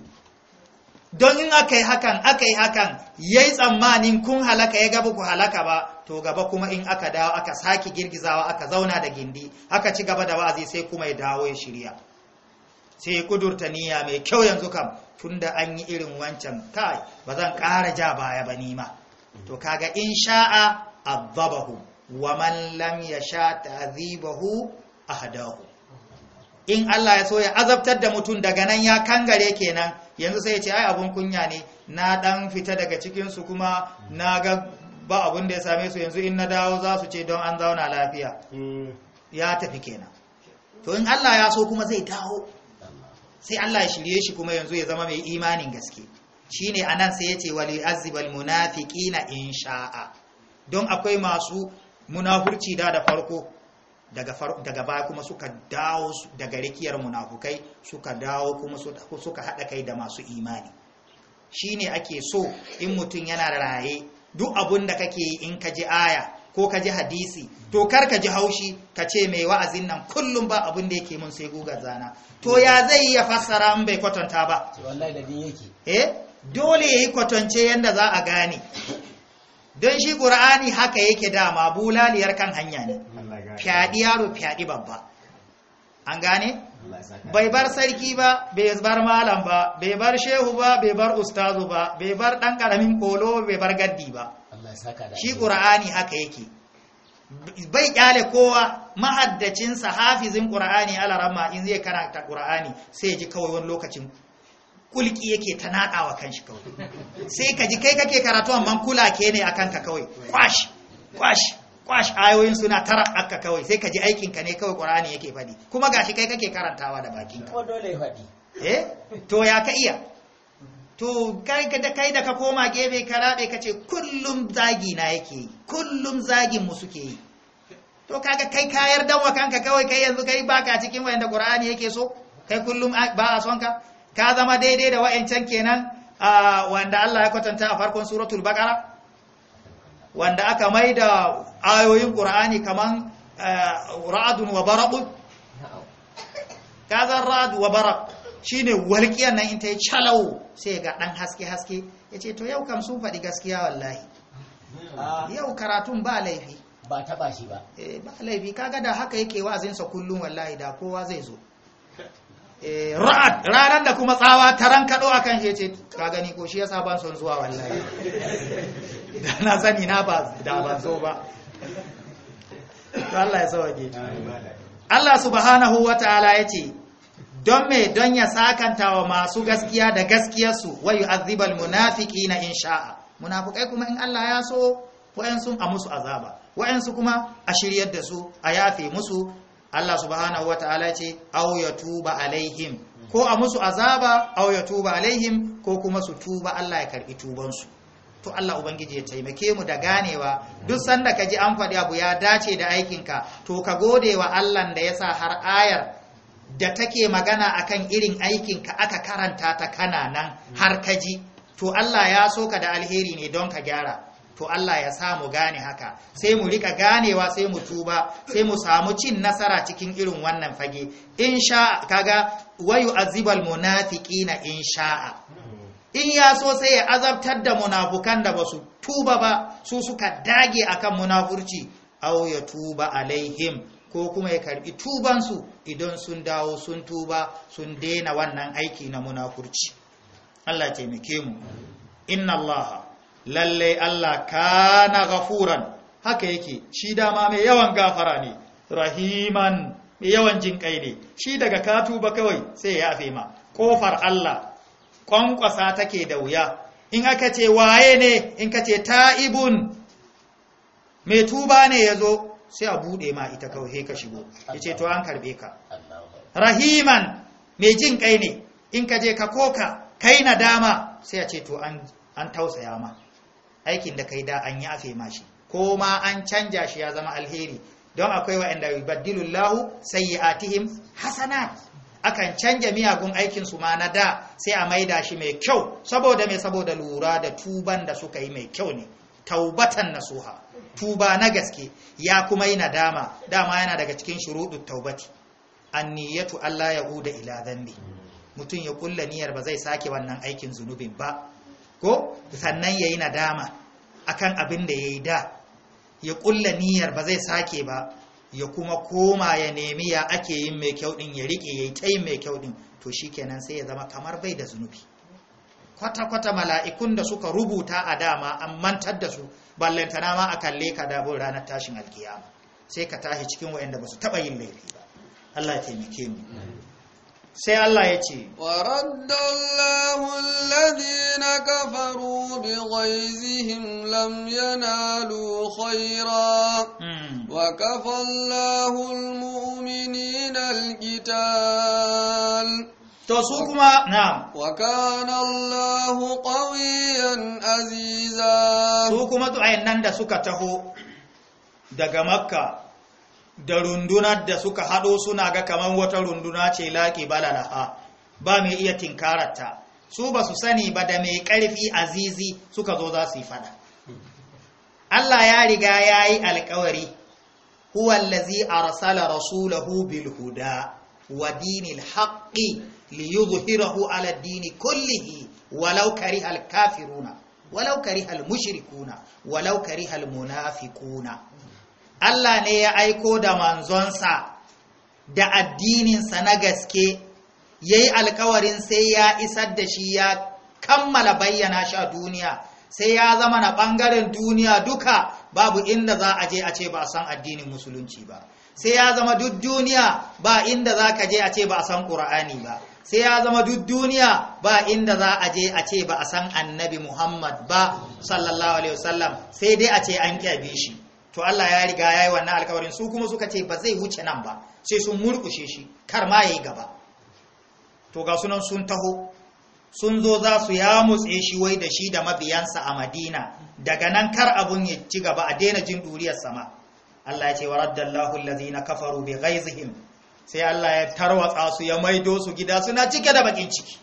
don in aka yi hakan aka yi hakan ya yi tsammanin kun halaka ya gaba ku halaka ba to gaba kuma in aka dawo aka sake girgizawa aka zauna da gindi aka ci gaba da wa'azi sai kuma ya dawo ya shirya sai ya kudurta niyya mai kyau yanzu kam tunda an yi irin wancan kai ba zan ƙara ja baya ba nima to kaga in sha'a azabahu wa man lam yasha ta'dhibahu ahdahu in Allah ya so ya azabtar da mutum daga nan ya kangare kenan yanzu sai ya ce ai abun kunya ne na dan fita daga cikin su kuma na ga ba abun da ya same su yanzu in na dawo za su ce don an zauna lafiya hmm. ya tafi kenan to in Allah ya so kuma zai dawo sai Allah ya shirye shi kuma yanzu ya zama mai imanin gaske shine anan sai ya ce wali azibal munafiqina in sha'a don akwai masu munafurci da da farko daga baya kuma suka dawo daga rikiyar munafukai suka dawo kuma suka haɗa kai da masu imani Shi ne ake so in mutum yana raye duk abun da kake yi in ka ji aya ko kaji hadisi to kar ka ji haushi ka ce mai wa'azin nan kullum ba abun da yake mun sai gugar zana to ya zai iya fassara in bai kwatanta ba eh dole yayi kwatance yadda za a gane don shi ƙur'ani haka yake dama bulaliyar kan hanya ne fyaɗi yaro fyaɗi babba an gane bai bar sarki ba bai bar malam ba bai bar shehu ba bai bar ustazu ba bai bar ɗan ƙaramin kolo bai bar gaddi ba shi ƙur'ani haka yake bai ƙyale kowa mahaddacinsa hafizin ƙur'ani alarama in zai karanta ƙur'ani sai ji kawai wani lokacin kulki yake ta wa kanshi kawai sai ka ji kai kake karatu amma kula ke ne akan ka kawai kwash kwash kwash ayoyin suna tara akka kawai sai kaji ji aikin ne kawai qur'ani yake faɗi kuma gashi kai kake karantawa da bakin ka eh to ya ka iya to kai da ka koma gefe ka rabe ka ce kullum zagi na yake yi kullum zagin mu suke yi to kaga kai kayar dan wa kanka kawai kai yanzu kai baka cikin wayanda qur'ani yake so kai kullum ba a son ka ka zama daidai da wa'ancan kenan wanda Allah ya kwatanta a farkon suratul baqara wanda aka mai da ayoyin qur'ani kamar ra'adun wa Ka zan ra'adun wa baraq shine walƙiyar nan in ta yi calawo sai ga ɗan haske-haske ya ce to yau kam sun faɗi gaskiya wallahi yau karatun ba laifi ba taɓa shi ba eh, ba laifi kaga da haka yake wa'azinsa kullum wallahi da kowa zai zo Eh, ra'ad ranar da kuma tsawa ta rankaɗo a kan hece ka gani ko shi yasa ban son zuwa wallahi da na sani na ba da ban so ba Allah ya sauke Allah subhanahu wa ta'ala ya ce don me don ya sakanta wa masu gaskiya da gaskiyarsu wa munafiki na in sha'a munafikai kuma in Allah ya so wa'ansu a musu azaba wa'ansu kuma a shiryar da su a yafe musu Allah subhanahu ta'ala ce au ya tuba alaihim ko a musu azaba au ya tuba alaihim ko kuma su tuba Allah ya karbi tubansu to Allah ubangiji ya taimake mu da ganewa duk sanda kaji an faɗi abu ya dace da aikinka to ka gode wa Allah da yasa har ayar da take magana akan irin aikinka aka karanta ta kana nan har ji. to Allah ya so ka da alheri ne don ka gyara to Allah ya sa mu gane haka sai mu rika ganewa sai mu tuba sai mu samu cin nasara cikin irin wannan fage insha kaga wayu azibal munafiqina insha'a in ya so sai ya azabtar da munafukan da basu tuba ba su suka dage akan munafurci aw ya tuba alaihim ko kuma ya karbi tubansu idan sun dawo sun tuba sun daina wannan aiki na munafurci Allah taimake mu inna Allah lalle Allah kana ghafuran haka yake shi dama mai yawan gafara ne rahiman mai yawan jinkai ne shi daga katu ba kawai sai ya afe ma kofar Allah kwankwasa take da wuya in aka ce waye ne in ka ce ta'ibun mai tuba ne yazo sai a bude ma ita kawai ka shigo yace to an karbe ka rahiman mai jin kai ne in ka je ka koka kai nadama sai a ce to an an tausaya ma aikin da kai da an yi afe mashi ko ma an canja shi ya zama alheri don akwai wa'anda yubaddilu Allahu sayi'atihim hasanat akan canja miyagun aikin su ma na da sai a maida shi mai kyau saboda mai saboda lura da tuban da suka yi mai kyau ne taubatan nasuha tuba na gaske ya kuma yi nadama dama yana daga cikin shuruɗin taubati anniyatu Allah ya ila dhanbi mutum ya kulla niyyar ba zai sake wannan aikin zunubin ba ko sannan ya yayi nadama akan abin da ya yi da ya kulla niyyar ba zai sake ba ya kuma koma ya nemi ya ake yin mai kyau din ya rike yayi ta yin mai kyau din to shi kenan sai ya zama kamar bai da zunubi kwata kwata mala'ikun da suka rubuta a dama an mantar da su ballantana ma a kalle ka dabon ranar tashin alkiyama sai ka tashi cikin waɗanda ba su taɓa yin laifi ba Allah ya taimake mu sai Allah ya ce wa raddallahu alladhina kafaru bi ghaizihim lam yanalu khaira hmm. wa kafallahu almu'minina alqital to su kuma na'am wa kana aziza su kuma to nan da suka taho daga makka da rundunar da suka haɗo suna ga kamar wata runduna ce laƙi balalaha ba mai iya tinkararta su ba su sani ba da mai ƙarfi azizi suka zo za su yi fada Allah ya riga ya yi alkawari huwallazi arsala rasulahu bil huda wa dinil li liyudhhirahu ala al'adini kullihi walau karihal kafiruna walau karihal mushrikuna walau Allah ne ya aiko da manzonsa da addininsa na gaske ya yi alkawarin sai ya isar da shi ya kammala bayyana shi a duniya sai ya zama na ɓangaren duniya duka babu inda za a je a ce ba a san addinin musulunci ba sai ya zama duk duniya ba inda za ka je a ce ba a san ƙura'ani ba sai ya zama duk duniya ba inda za a je a ce ba a san annabi muhammad ba sallallahu alaihi wasallam sai dai a ce an kyabe shi to Allah ya riga ya yi wannan alkawarin su kuma suka ce ba zai wuce nan ba sai sun murkushe shi kar ma ya yi gaba to ga sunan sun taho sun zo za su ya mutse shi wai da shi da mabiyansa a madina daga nan kar abun ya ci gaba a daina jin duriyar sama Allah ya ce wa raddallahu allazina kafaru bi ghaizihim sai Allah ya tarwatsa su ya maido su gida suna cike da bakin ciki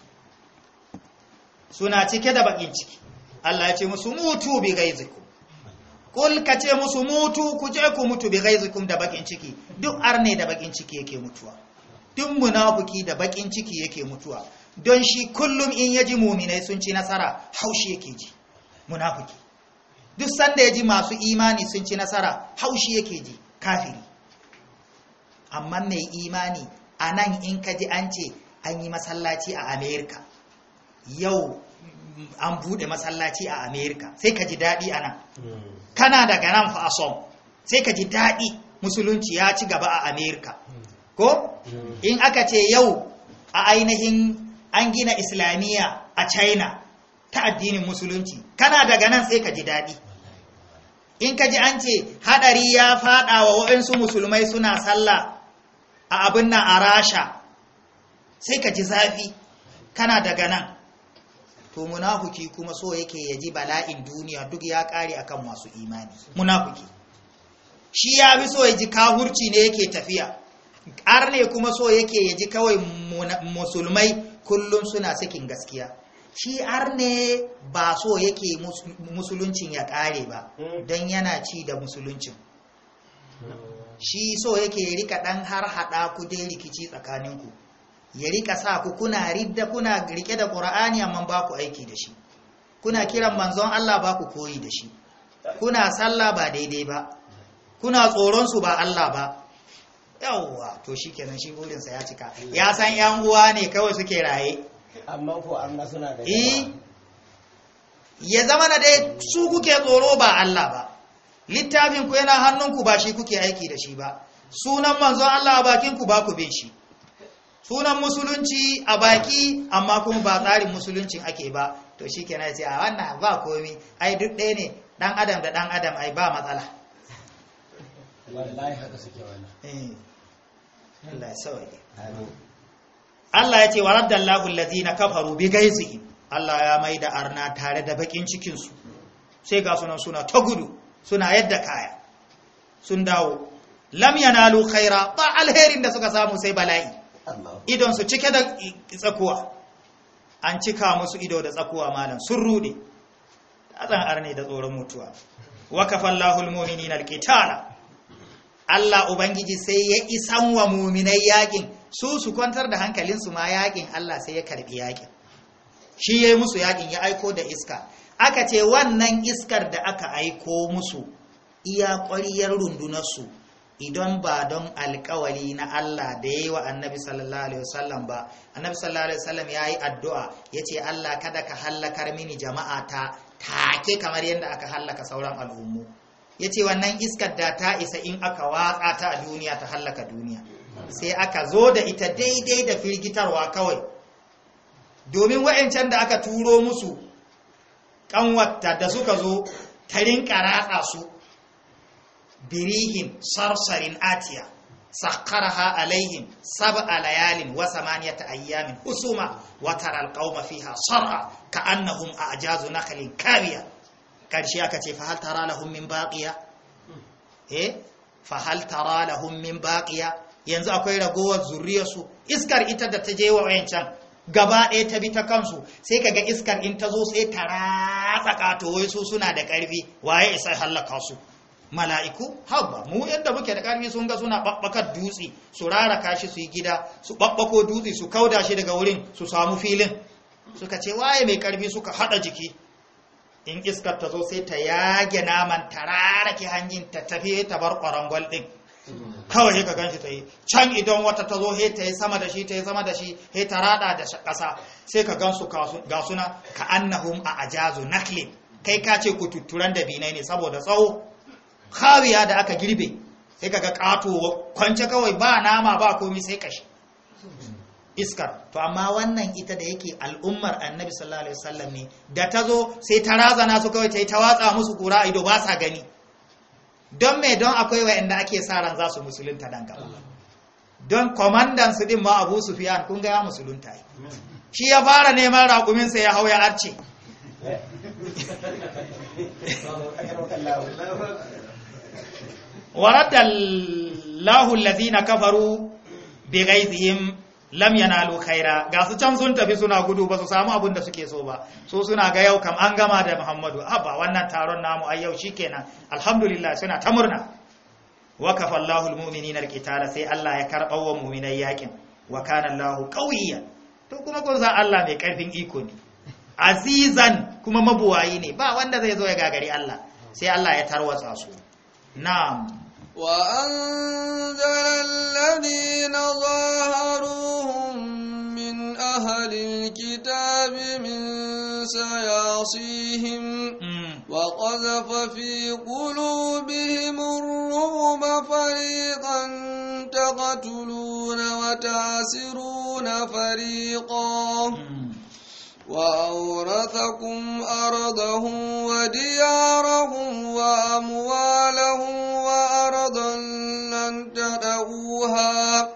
suna cike da bakin ciki Allah ya ce musu mutu bi ghaizihim kul ka ce musu mutu ku je ku mutu bi ghaizikum da bakin ciki duk arne da bakin ciki yake mutuwa duk munafiki da bakin ciki yake mutuwa don shi kullum in yaji muminai sun ci nasara haushi yake ji munafiki duk sanda yaji masu imani sun ci nasara haushi yake ji kafiri amma mai imani anan in kaji an ce an yi masallaci a amerika yau an bude masallaci a america sai ka ji daɗi a nan hmm. kana daga nan fa a son sai ka ji daɗi musulunci ya ci gaba a america ko hmm. in aka ce yau a ainihin an gina islamiyya a china ta addinin musulunci kana daga nan sai ka ji daɗi in ka ji an ce haɗari ya faɗa wa waɗansu musulmai suna sallah a abin nan a rasha sai ka ji zafi kana daga nan to munafuki kuma so yake yaji bala'in duniya duk ya kare akan masu imani munafuki shi ya fi so yaji ji kahurci ne yake tafiya arne kuma so yake yaji kawai musulmai kullum suna sakin gaskiya shi arne ba so yake musuluncin ya kare ba hmm. don yana ci da musuluncin shi so yake rika ɗan har hada ku dai rikici tsakaninku ya rika sa ku kuna ridda kuna rike da qur'ani amma ba ku aiki da shi kuna kiran manzon Allah ba ku koyi da shi kuna sallah ba daidai ba kuna tsoron su ba Allah ba yawwa to shikenan shi burin sa ya cika ya san yan uwa ne kawai suke raye amma ku amma suna da eh ya zama na dai su kuke tsoro ba Allah ba littafin ku yana hannunku ba shi kuke aiki da shi ba sunan manzon Allah a bakin ku ba ku bin shi sunan musulunci a baki amma kuma ba tsarin musulunci ake ba to shi ke sai a wannan ba komi ai duk ɗaya ne ɗan adam da ɗan adam ai ba matsala eh. Allah ya ce wa lazi na kafaru bi su Allah ya mai da arna tare da bakin cikinsu, sai ga sunan suna ta gudu suna yadda kaya sun dawo lamya na khaira ba alherin da suka samu sai bala'i Idonsu cike da tsakuwa an cika musu ido da tsakuwa malam sun rude azan arne da tsoron mutuwa wa kafallahu almu'minina alqitala Allah ubangiji sai ya isan wa mu'minai yakin su su kwantar da hankalinsu ma yakin Allah sai ya karbi yakin shi yayi musu yakin ya aiko da iska aka ce wannan iskar da aka aiko musu iya ƙwariyar rundunar su. idan ba don alkawari na Allah da ya yi wa annabi sallallahu alaihi wasallam ba annabi sallallahu alaihi wasallam ya yi addu'a ya ce Allah kada ka hallakar mini jama'a ta take kamar yadda aka hallaka sauran al'ummu ya ce wannan iskar da ta isa in aka watsa ta a duniya ta hallaka duniya sai aka zo da ita daidai da firgitarwa kawai domin wa'yancan da aka turo musu kanwata da suka zo ta rinka ratsa su birihim sarsarin atiya sakkaraha alaihim sab'a layalin wasa maniyata ayyamin husuma wa taral qauma fiha sar'a a a'jazu nakalin kariya karshe aka ce fa tara lahum min baƙiya? eh fa tara lahum min baƙiya. yanzu akwai ragowar zurriyarsu. iskar ita da ta je wa wayancan gaba ɗaya ta bi ta kansu sai kaga iskar in ta zo sai ta ratsa ƙato. wai su suna da ƙarfi waye isa hallaka su mala'iku habba mu yadda muke da karfi sun ga suna babbakar dutse su raraka shi su yi gida su babbako dutse su kauda shi daga wurin su samu filin suka ce waye mai karfi suka haɗa jiki in iskar ta zo sai ta yage naman ta rarake hanyar, ta tafi ta bar kwarangwal din kawai ka ganshi ta yi can idan wata ta zo ta yi sama da shi ta yi sama da shi he ta rada da ƙasa sai ka gansu ga suna ka annahum a ajazu naklin kai ka ce ku tutturan da binai ne saboda tsawo khawiya da aka girbe sai kaga kato kwance kawai ba nama ba komai sai kashi iskar to amma wannan ita da yake al'ummar annabi sallallahu alaihi wasallam ne da ta sai ta razana su kawai ta ta watsa musu kura ido ba sa gani don me don akwai inda ake sa ran za su musulunta dan gaba don kwamandan su din ma abu sufiyan kun ga ya musulunta shi ya fara neman sa ya hau ya arce ورد الله الذين kafaru بغيظهم lam yanalu khaira ga su can sun tafi suna gudu ba su samu abin da suke so ba so suna ga yau kam an gama da Muhammadu haba wannan taron namu ai yau shikenan alhamdulillah suna ta murna wa kafa Allahu almu'minina alqitala sai Allah ya karba wa mu'minai yakin wa kana allah qawiyyan to kuma ko Allah mai karfin iko ne azizan kuma mabuwayi ne ba wanda zai zo ya gagari Allah sai Allah ya tarwatsa su na'am وأنزل الذين ظاهروهم من أهل الكتاب من سياصيهم وقذف في قلوبهم الروم فريقا تقتلون وتعسرون فريقا وأورثكم أرضهم وديارهم وأموالهم وأرضا لن تدعوها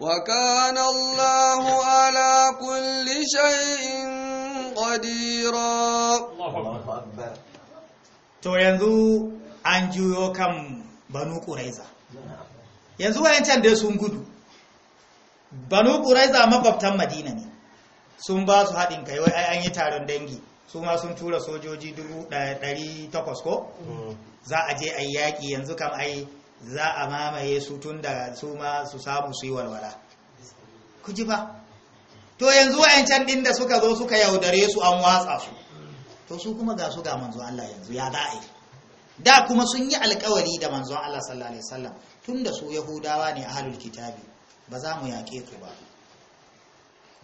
وكان الله على كل شيء قديرا to yanzu an juyo kan banu ƙuraiza yanzu wayancan dai sun gudu banu ƙuraiza makwabtan madina ne sun ba su haɗin kai wai an yi taron dangi su ma sun tura sojoji 800 ko mm. za a je a yi yaƙi yanzu kam ai za a mamaye su tun da su ma su samu su yi walwala ku ji ba to yanzu wa'ancan ɗin da suka zo suka yaudare su an watsa su to su kuma ga su ga manzo Allah yanzu ya da ai da kuma sun yi alkawari da manzon Allah sallallahu alaihi wasallam tunda su yahudawa ne ahlul kitabi ba za mu yaƙe ku ba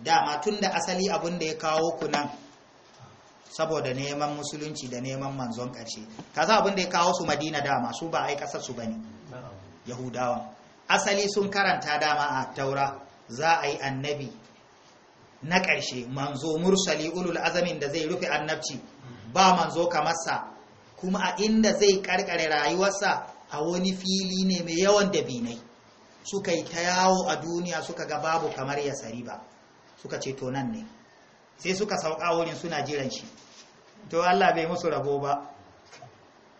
dama tun da asali abin da ya kawo ku nan saboda neman musulunci da neman manzon ƙarshe kaza abin da ya kawo su madina dama su ba ai ƙasar su ne. yahudawa asali sun karanta dama a taura za a yi annabi na ƙarshe manzo mursali ulul azamin da zai rufe annabci ba manzo kamar sa, kuma a inda zai karkare rayuwarsa a wani fili ne mai yawan dabinai suka yi ta yawo a duniya suka ga babu kamar yasariba. suka ce to nan ne sai suka sauka wurin suna jiran shi to Allah bai musu rabo ba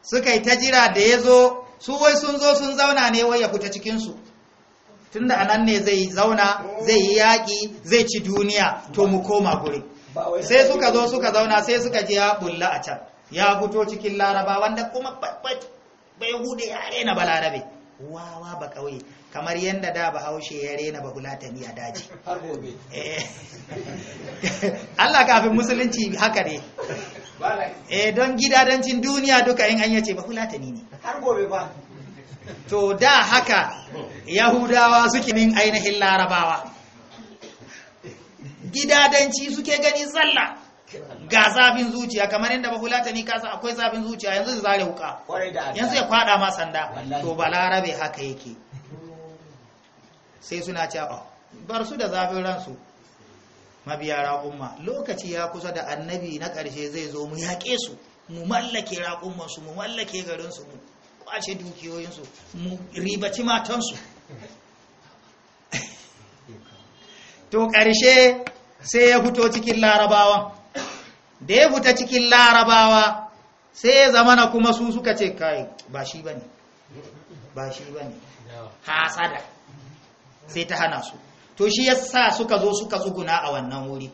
suka yi ta jira da ya zo su wai sun zo sun zauna ne wai ya fita cikinsu tun da anan ne zai zauna zai yi yaƙi zai ci duniya to mu koma guri sai suka zo suka zauna sai suka je ya bulla a can ya fito cikin laraba wanda kuma bai hude ya rena balarabe wawa ba kauye kamar yadda da bahaushe ya rena bahulatani a daji eh. Allah kafin musulunci haka ne eh don gidadancin duniya duka in an yace bahulatani ne har gobe ba to da haka yahudawa suke min ainihin larabawa gidadanci suke gani tsalla ga zafin zuciya kamar yadda bahulatani kasa akwai zafin zuciya yanzu zare wuka yanzu ya kwada ma sanda to balarabe haka yake sai suna a oh, bar su da zafin ransu mabiya raƙumma lokaci ya kusa da annabi na ƙarshe zai zo mu yaƙe su mu mallake raƙummansu mu mallake garinsu mu kwace dukiyoyinsu mu ribaci matansu to ƙarshe sai ya fito cikin larabawa. da ya fita cikin larabawa sai ya zamana kuma su suka ce kai ba shi ba ne ba shi ba ne hasada sai ta hana su to shi yasa suka zo suka tsuguna a wannan wuri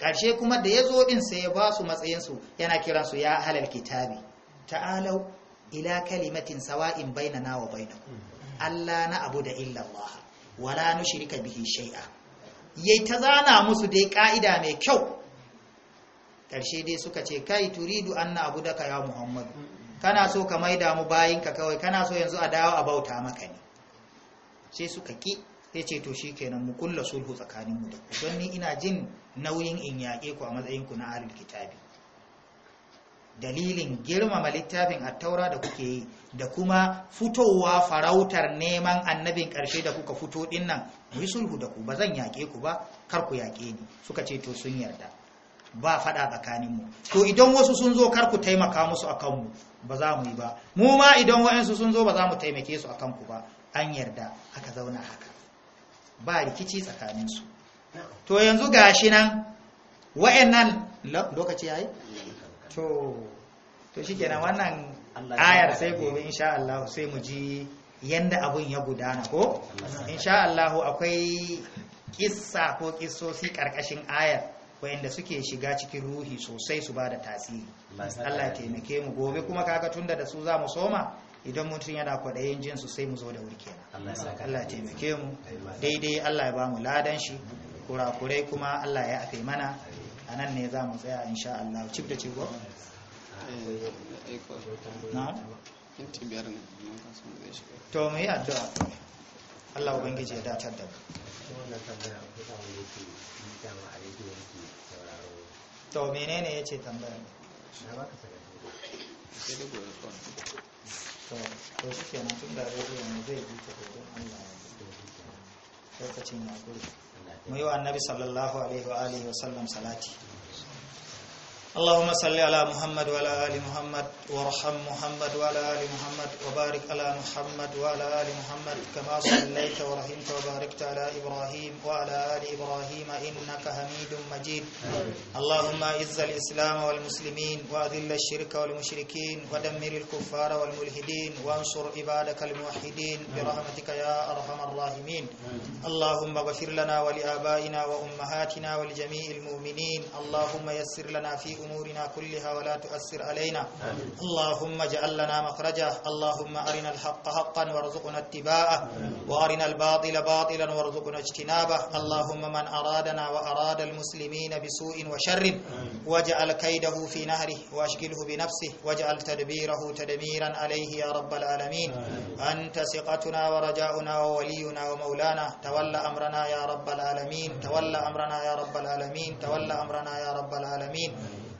karshe kuma da ya zo din sai ya ba su matsayinsu yana su ya halal kitabi ta'alau ila kalimatin sawa'in bainana wa bainakum Allah na abu da illallah wala nushrika bihi shay'a yayi ta zana musu dai ka'ida mai kyau karshe dai suka ce kai turidu anna abudaka ya muhammad kana so ka maida mu bayinka kawai kana so yanzu a dawo a bauta maka ne sai suka ki ya ce to shi kenan mu kulla sulhu tsakaninmu da ku don ni ina jin nauyin in yaƙe ku a matsayinku na ahlul kitabi dalilin girmama littafin taura da kuke yi da kuma fitowa farautar neman annabin ƙarshe da kuka fito ɗin nan mu yi sulhu da ku ba zan yaƙe ku ba kar ku yaƙe ni suka ce to sun yarda ba faɗa tsakaninmu to idan wasu sun zo kar ku taimaka musu a kanmu ba za mu yi ba mu ma idan wa'ansu sun zo ba za mu taimake su a kanku ba an yarda aka zauna haka ba rikici tsakaninsu to yanzu gashi nan wa'annan lokaci yayi to to shikenan wannan ayar sai gobe insha Allah sai mu ji yanda abun ya gudana ko insha Allah akwai kissa ko kissosi karkashin ayar wayanda suke shiga cikin ruhi sosai su bada tasiri Allah taimake mu gobe kuma kaga tunda da su za mu soma idan mutum yana kwaɗayin jin su sai mu zo da wuri kenan Allah taimake mu daidai Allah ya ba mu ladan shi kurakurai kuma Allah ya afe mana a nan ne za mu tsaya insha Allah cif da cif na to mu yi addu'a Allah ubangiji ya datar da mu to menene yace tambayar to shi tun da rediyo zai bi ta dogon allah ya lokacin ya wa annabi sallallahu alaihi wa alihi wa salati اللهم صل على محمد وعلى ال محمد وارحم محمد وعلى ال محمد وبارك على محمد وعلى ال محمد كما صليت ورحمت وباركت على ابراهيم وعلى ال ابراهيم انك حميد مجيد اللهم اعز الاسلام والمسلمين واذل الشرك والمشركين ودمر الكفار والملحدين وانصر عبادك الموحدين برحمتك يا ارحم الراحمين اللهم اغفر لنا ولابائنا وامهاتنا ولجميع المؤمنين اللهم يسر لنا في أمورنا كلها ولا تؤثر علينا اللهم اجعل لنا مخرجا اللهم أرنا الحق حقا وارزقنا اتباعه وأرنا الباطل باطلا وارزقنا اجتنابه اللهم من أرادنا وأراد المسلمين بسوء وشر واجعل كيده في نهره وأشكله بنفسه واجعل تدبيره تدميرا عليه يا رب العالمين أنت ثقتنا ورجاؤنا وولينا ومولانا تولى أمرنا يا رب العالمين تولى أمرنا يا رب العالمين تولى أمرنا يا رب العالمين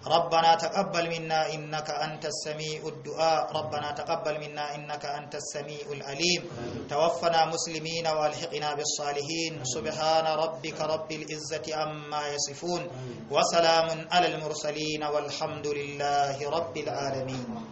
ربنا تقبل منا إنك أنت السميع الدعاء ربنا تقبل منا إنك أنت السميع العليم توفنا مسلمين والحقنا بالصالحين سبحان ربك رب العزة عما يصفون وسلام على المرسلين والحمد لله رب العالمين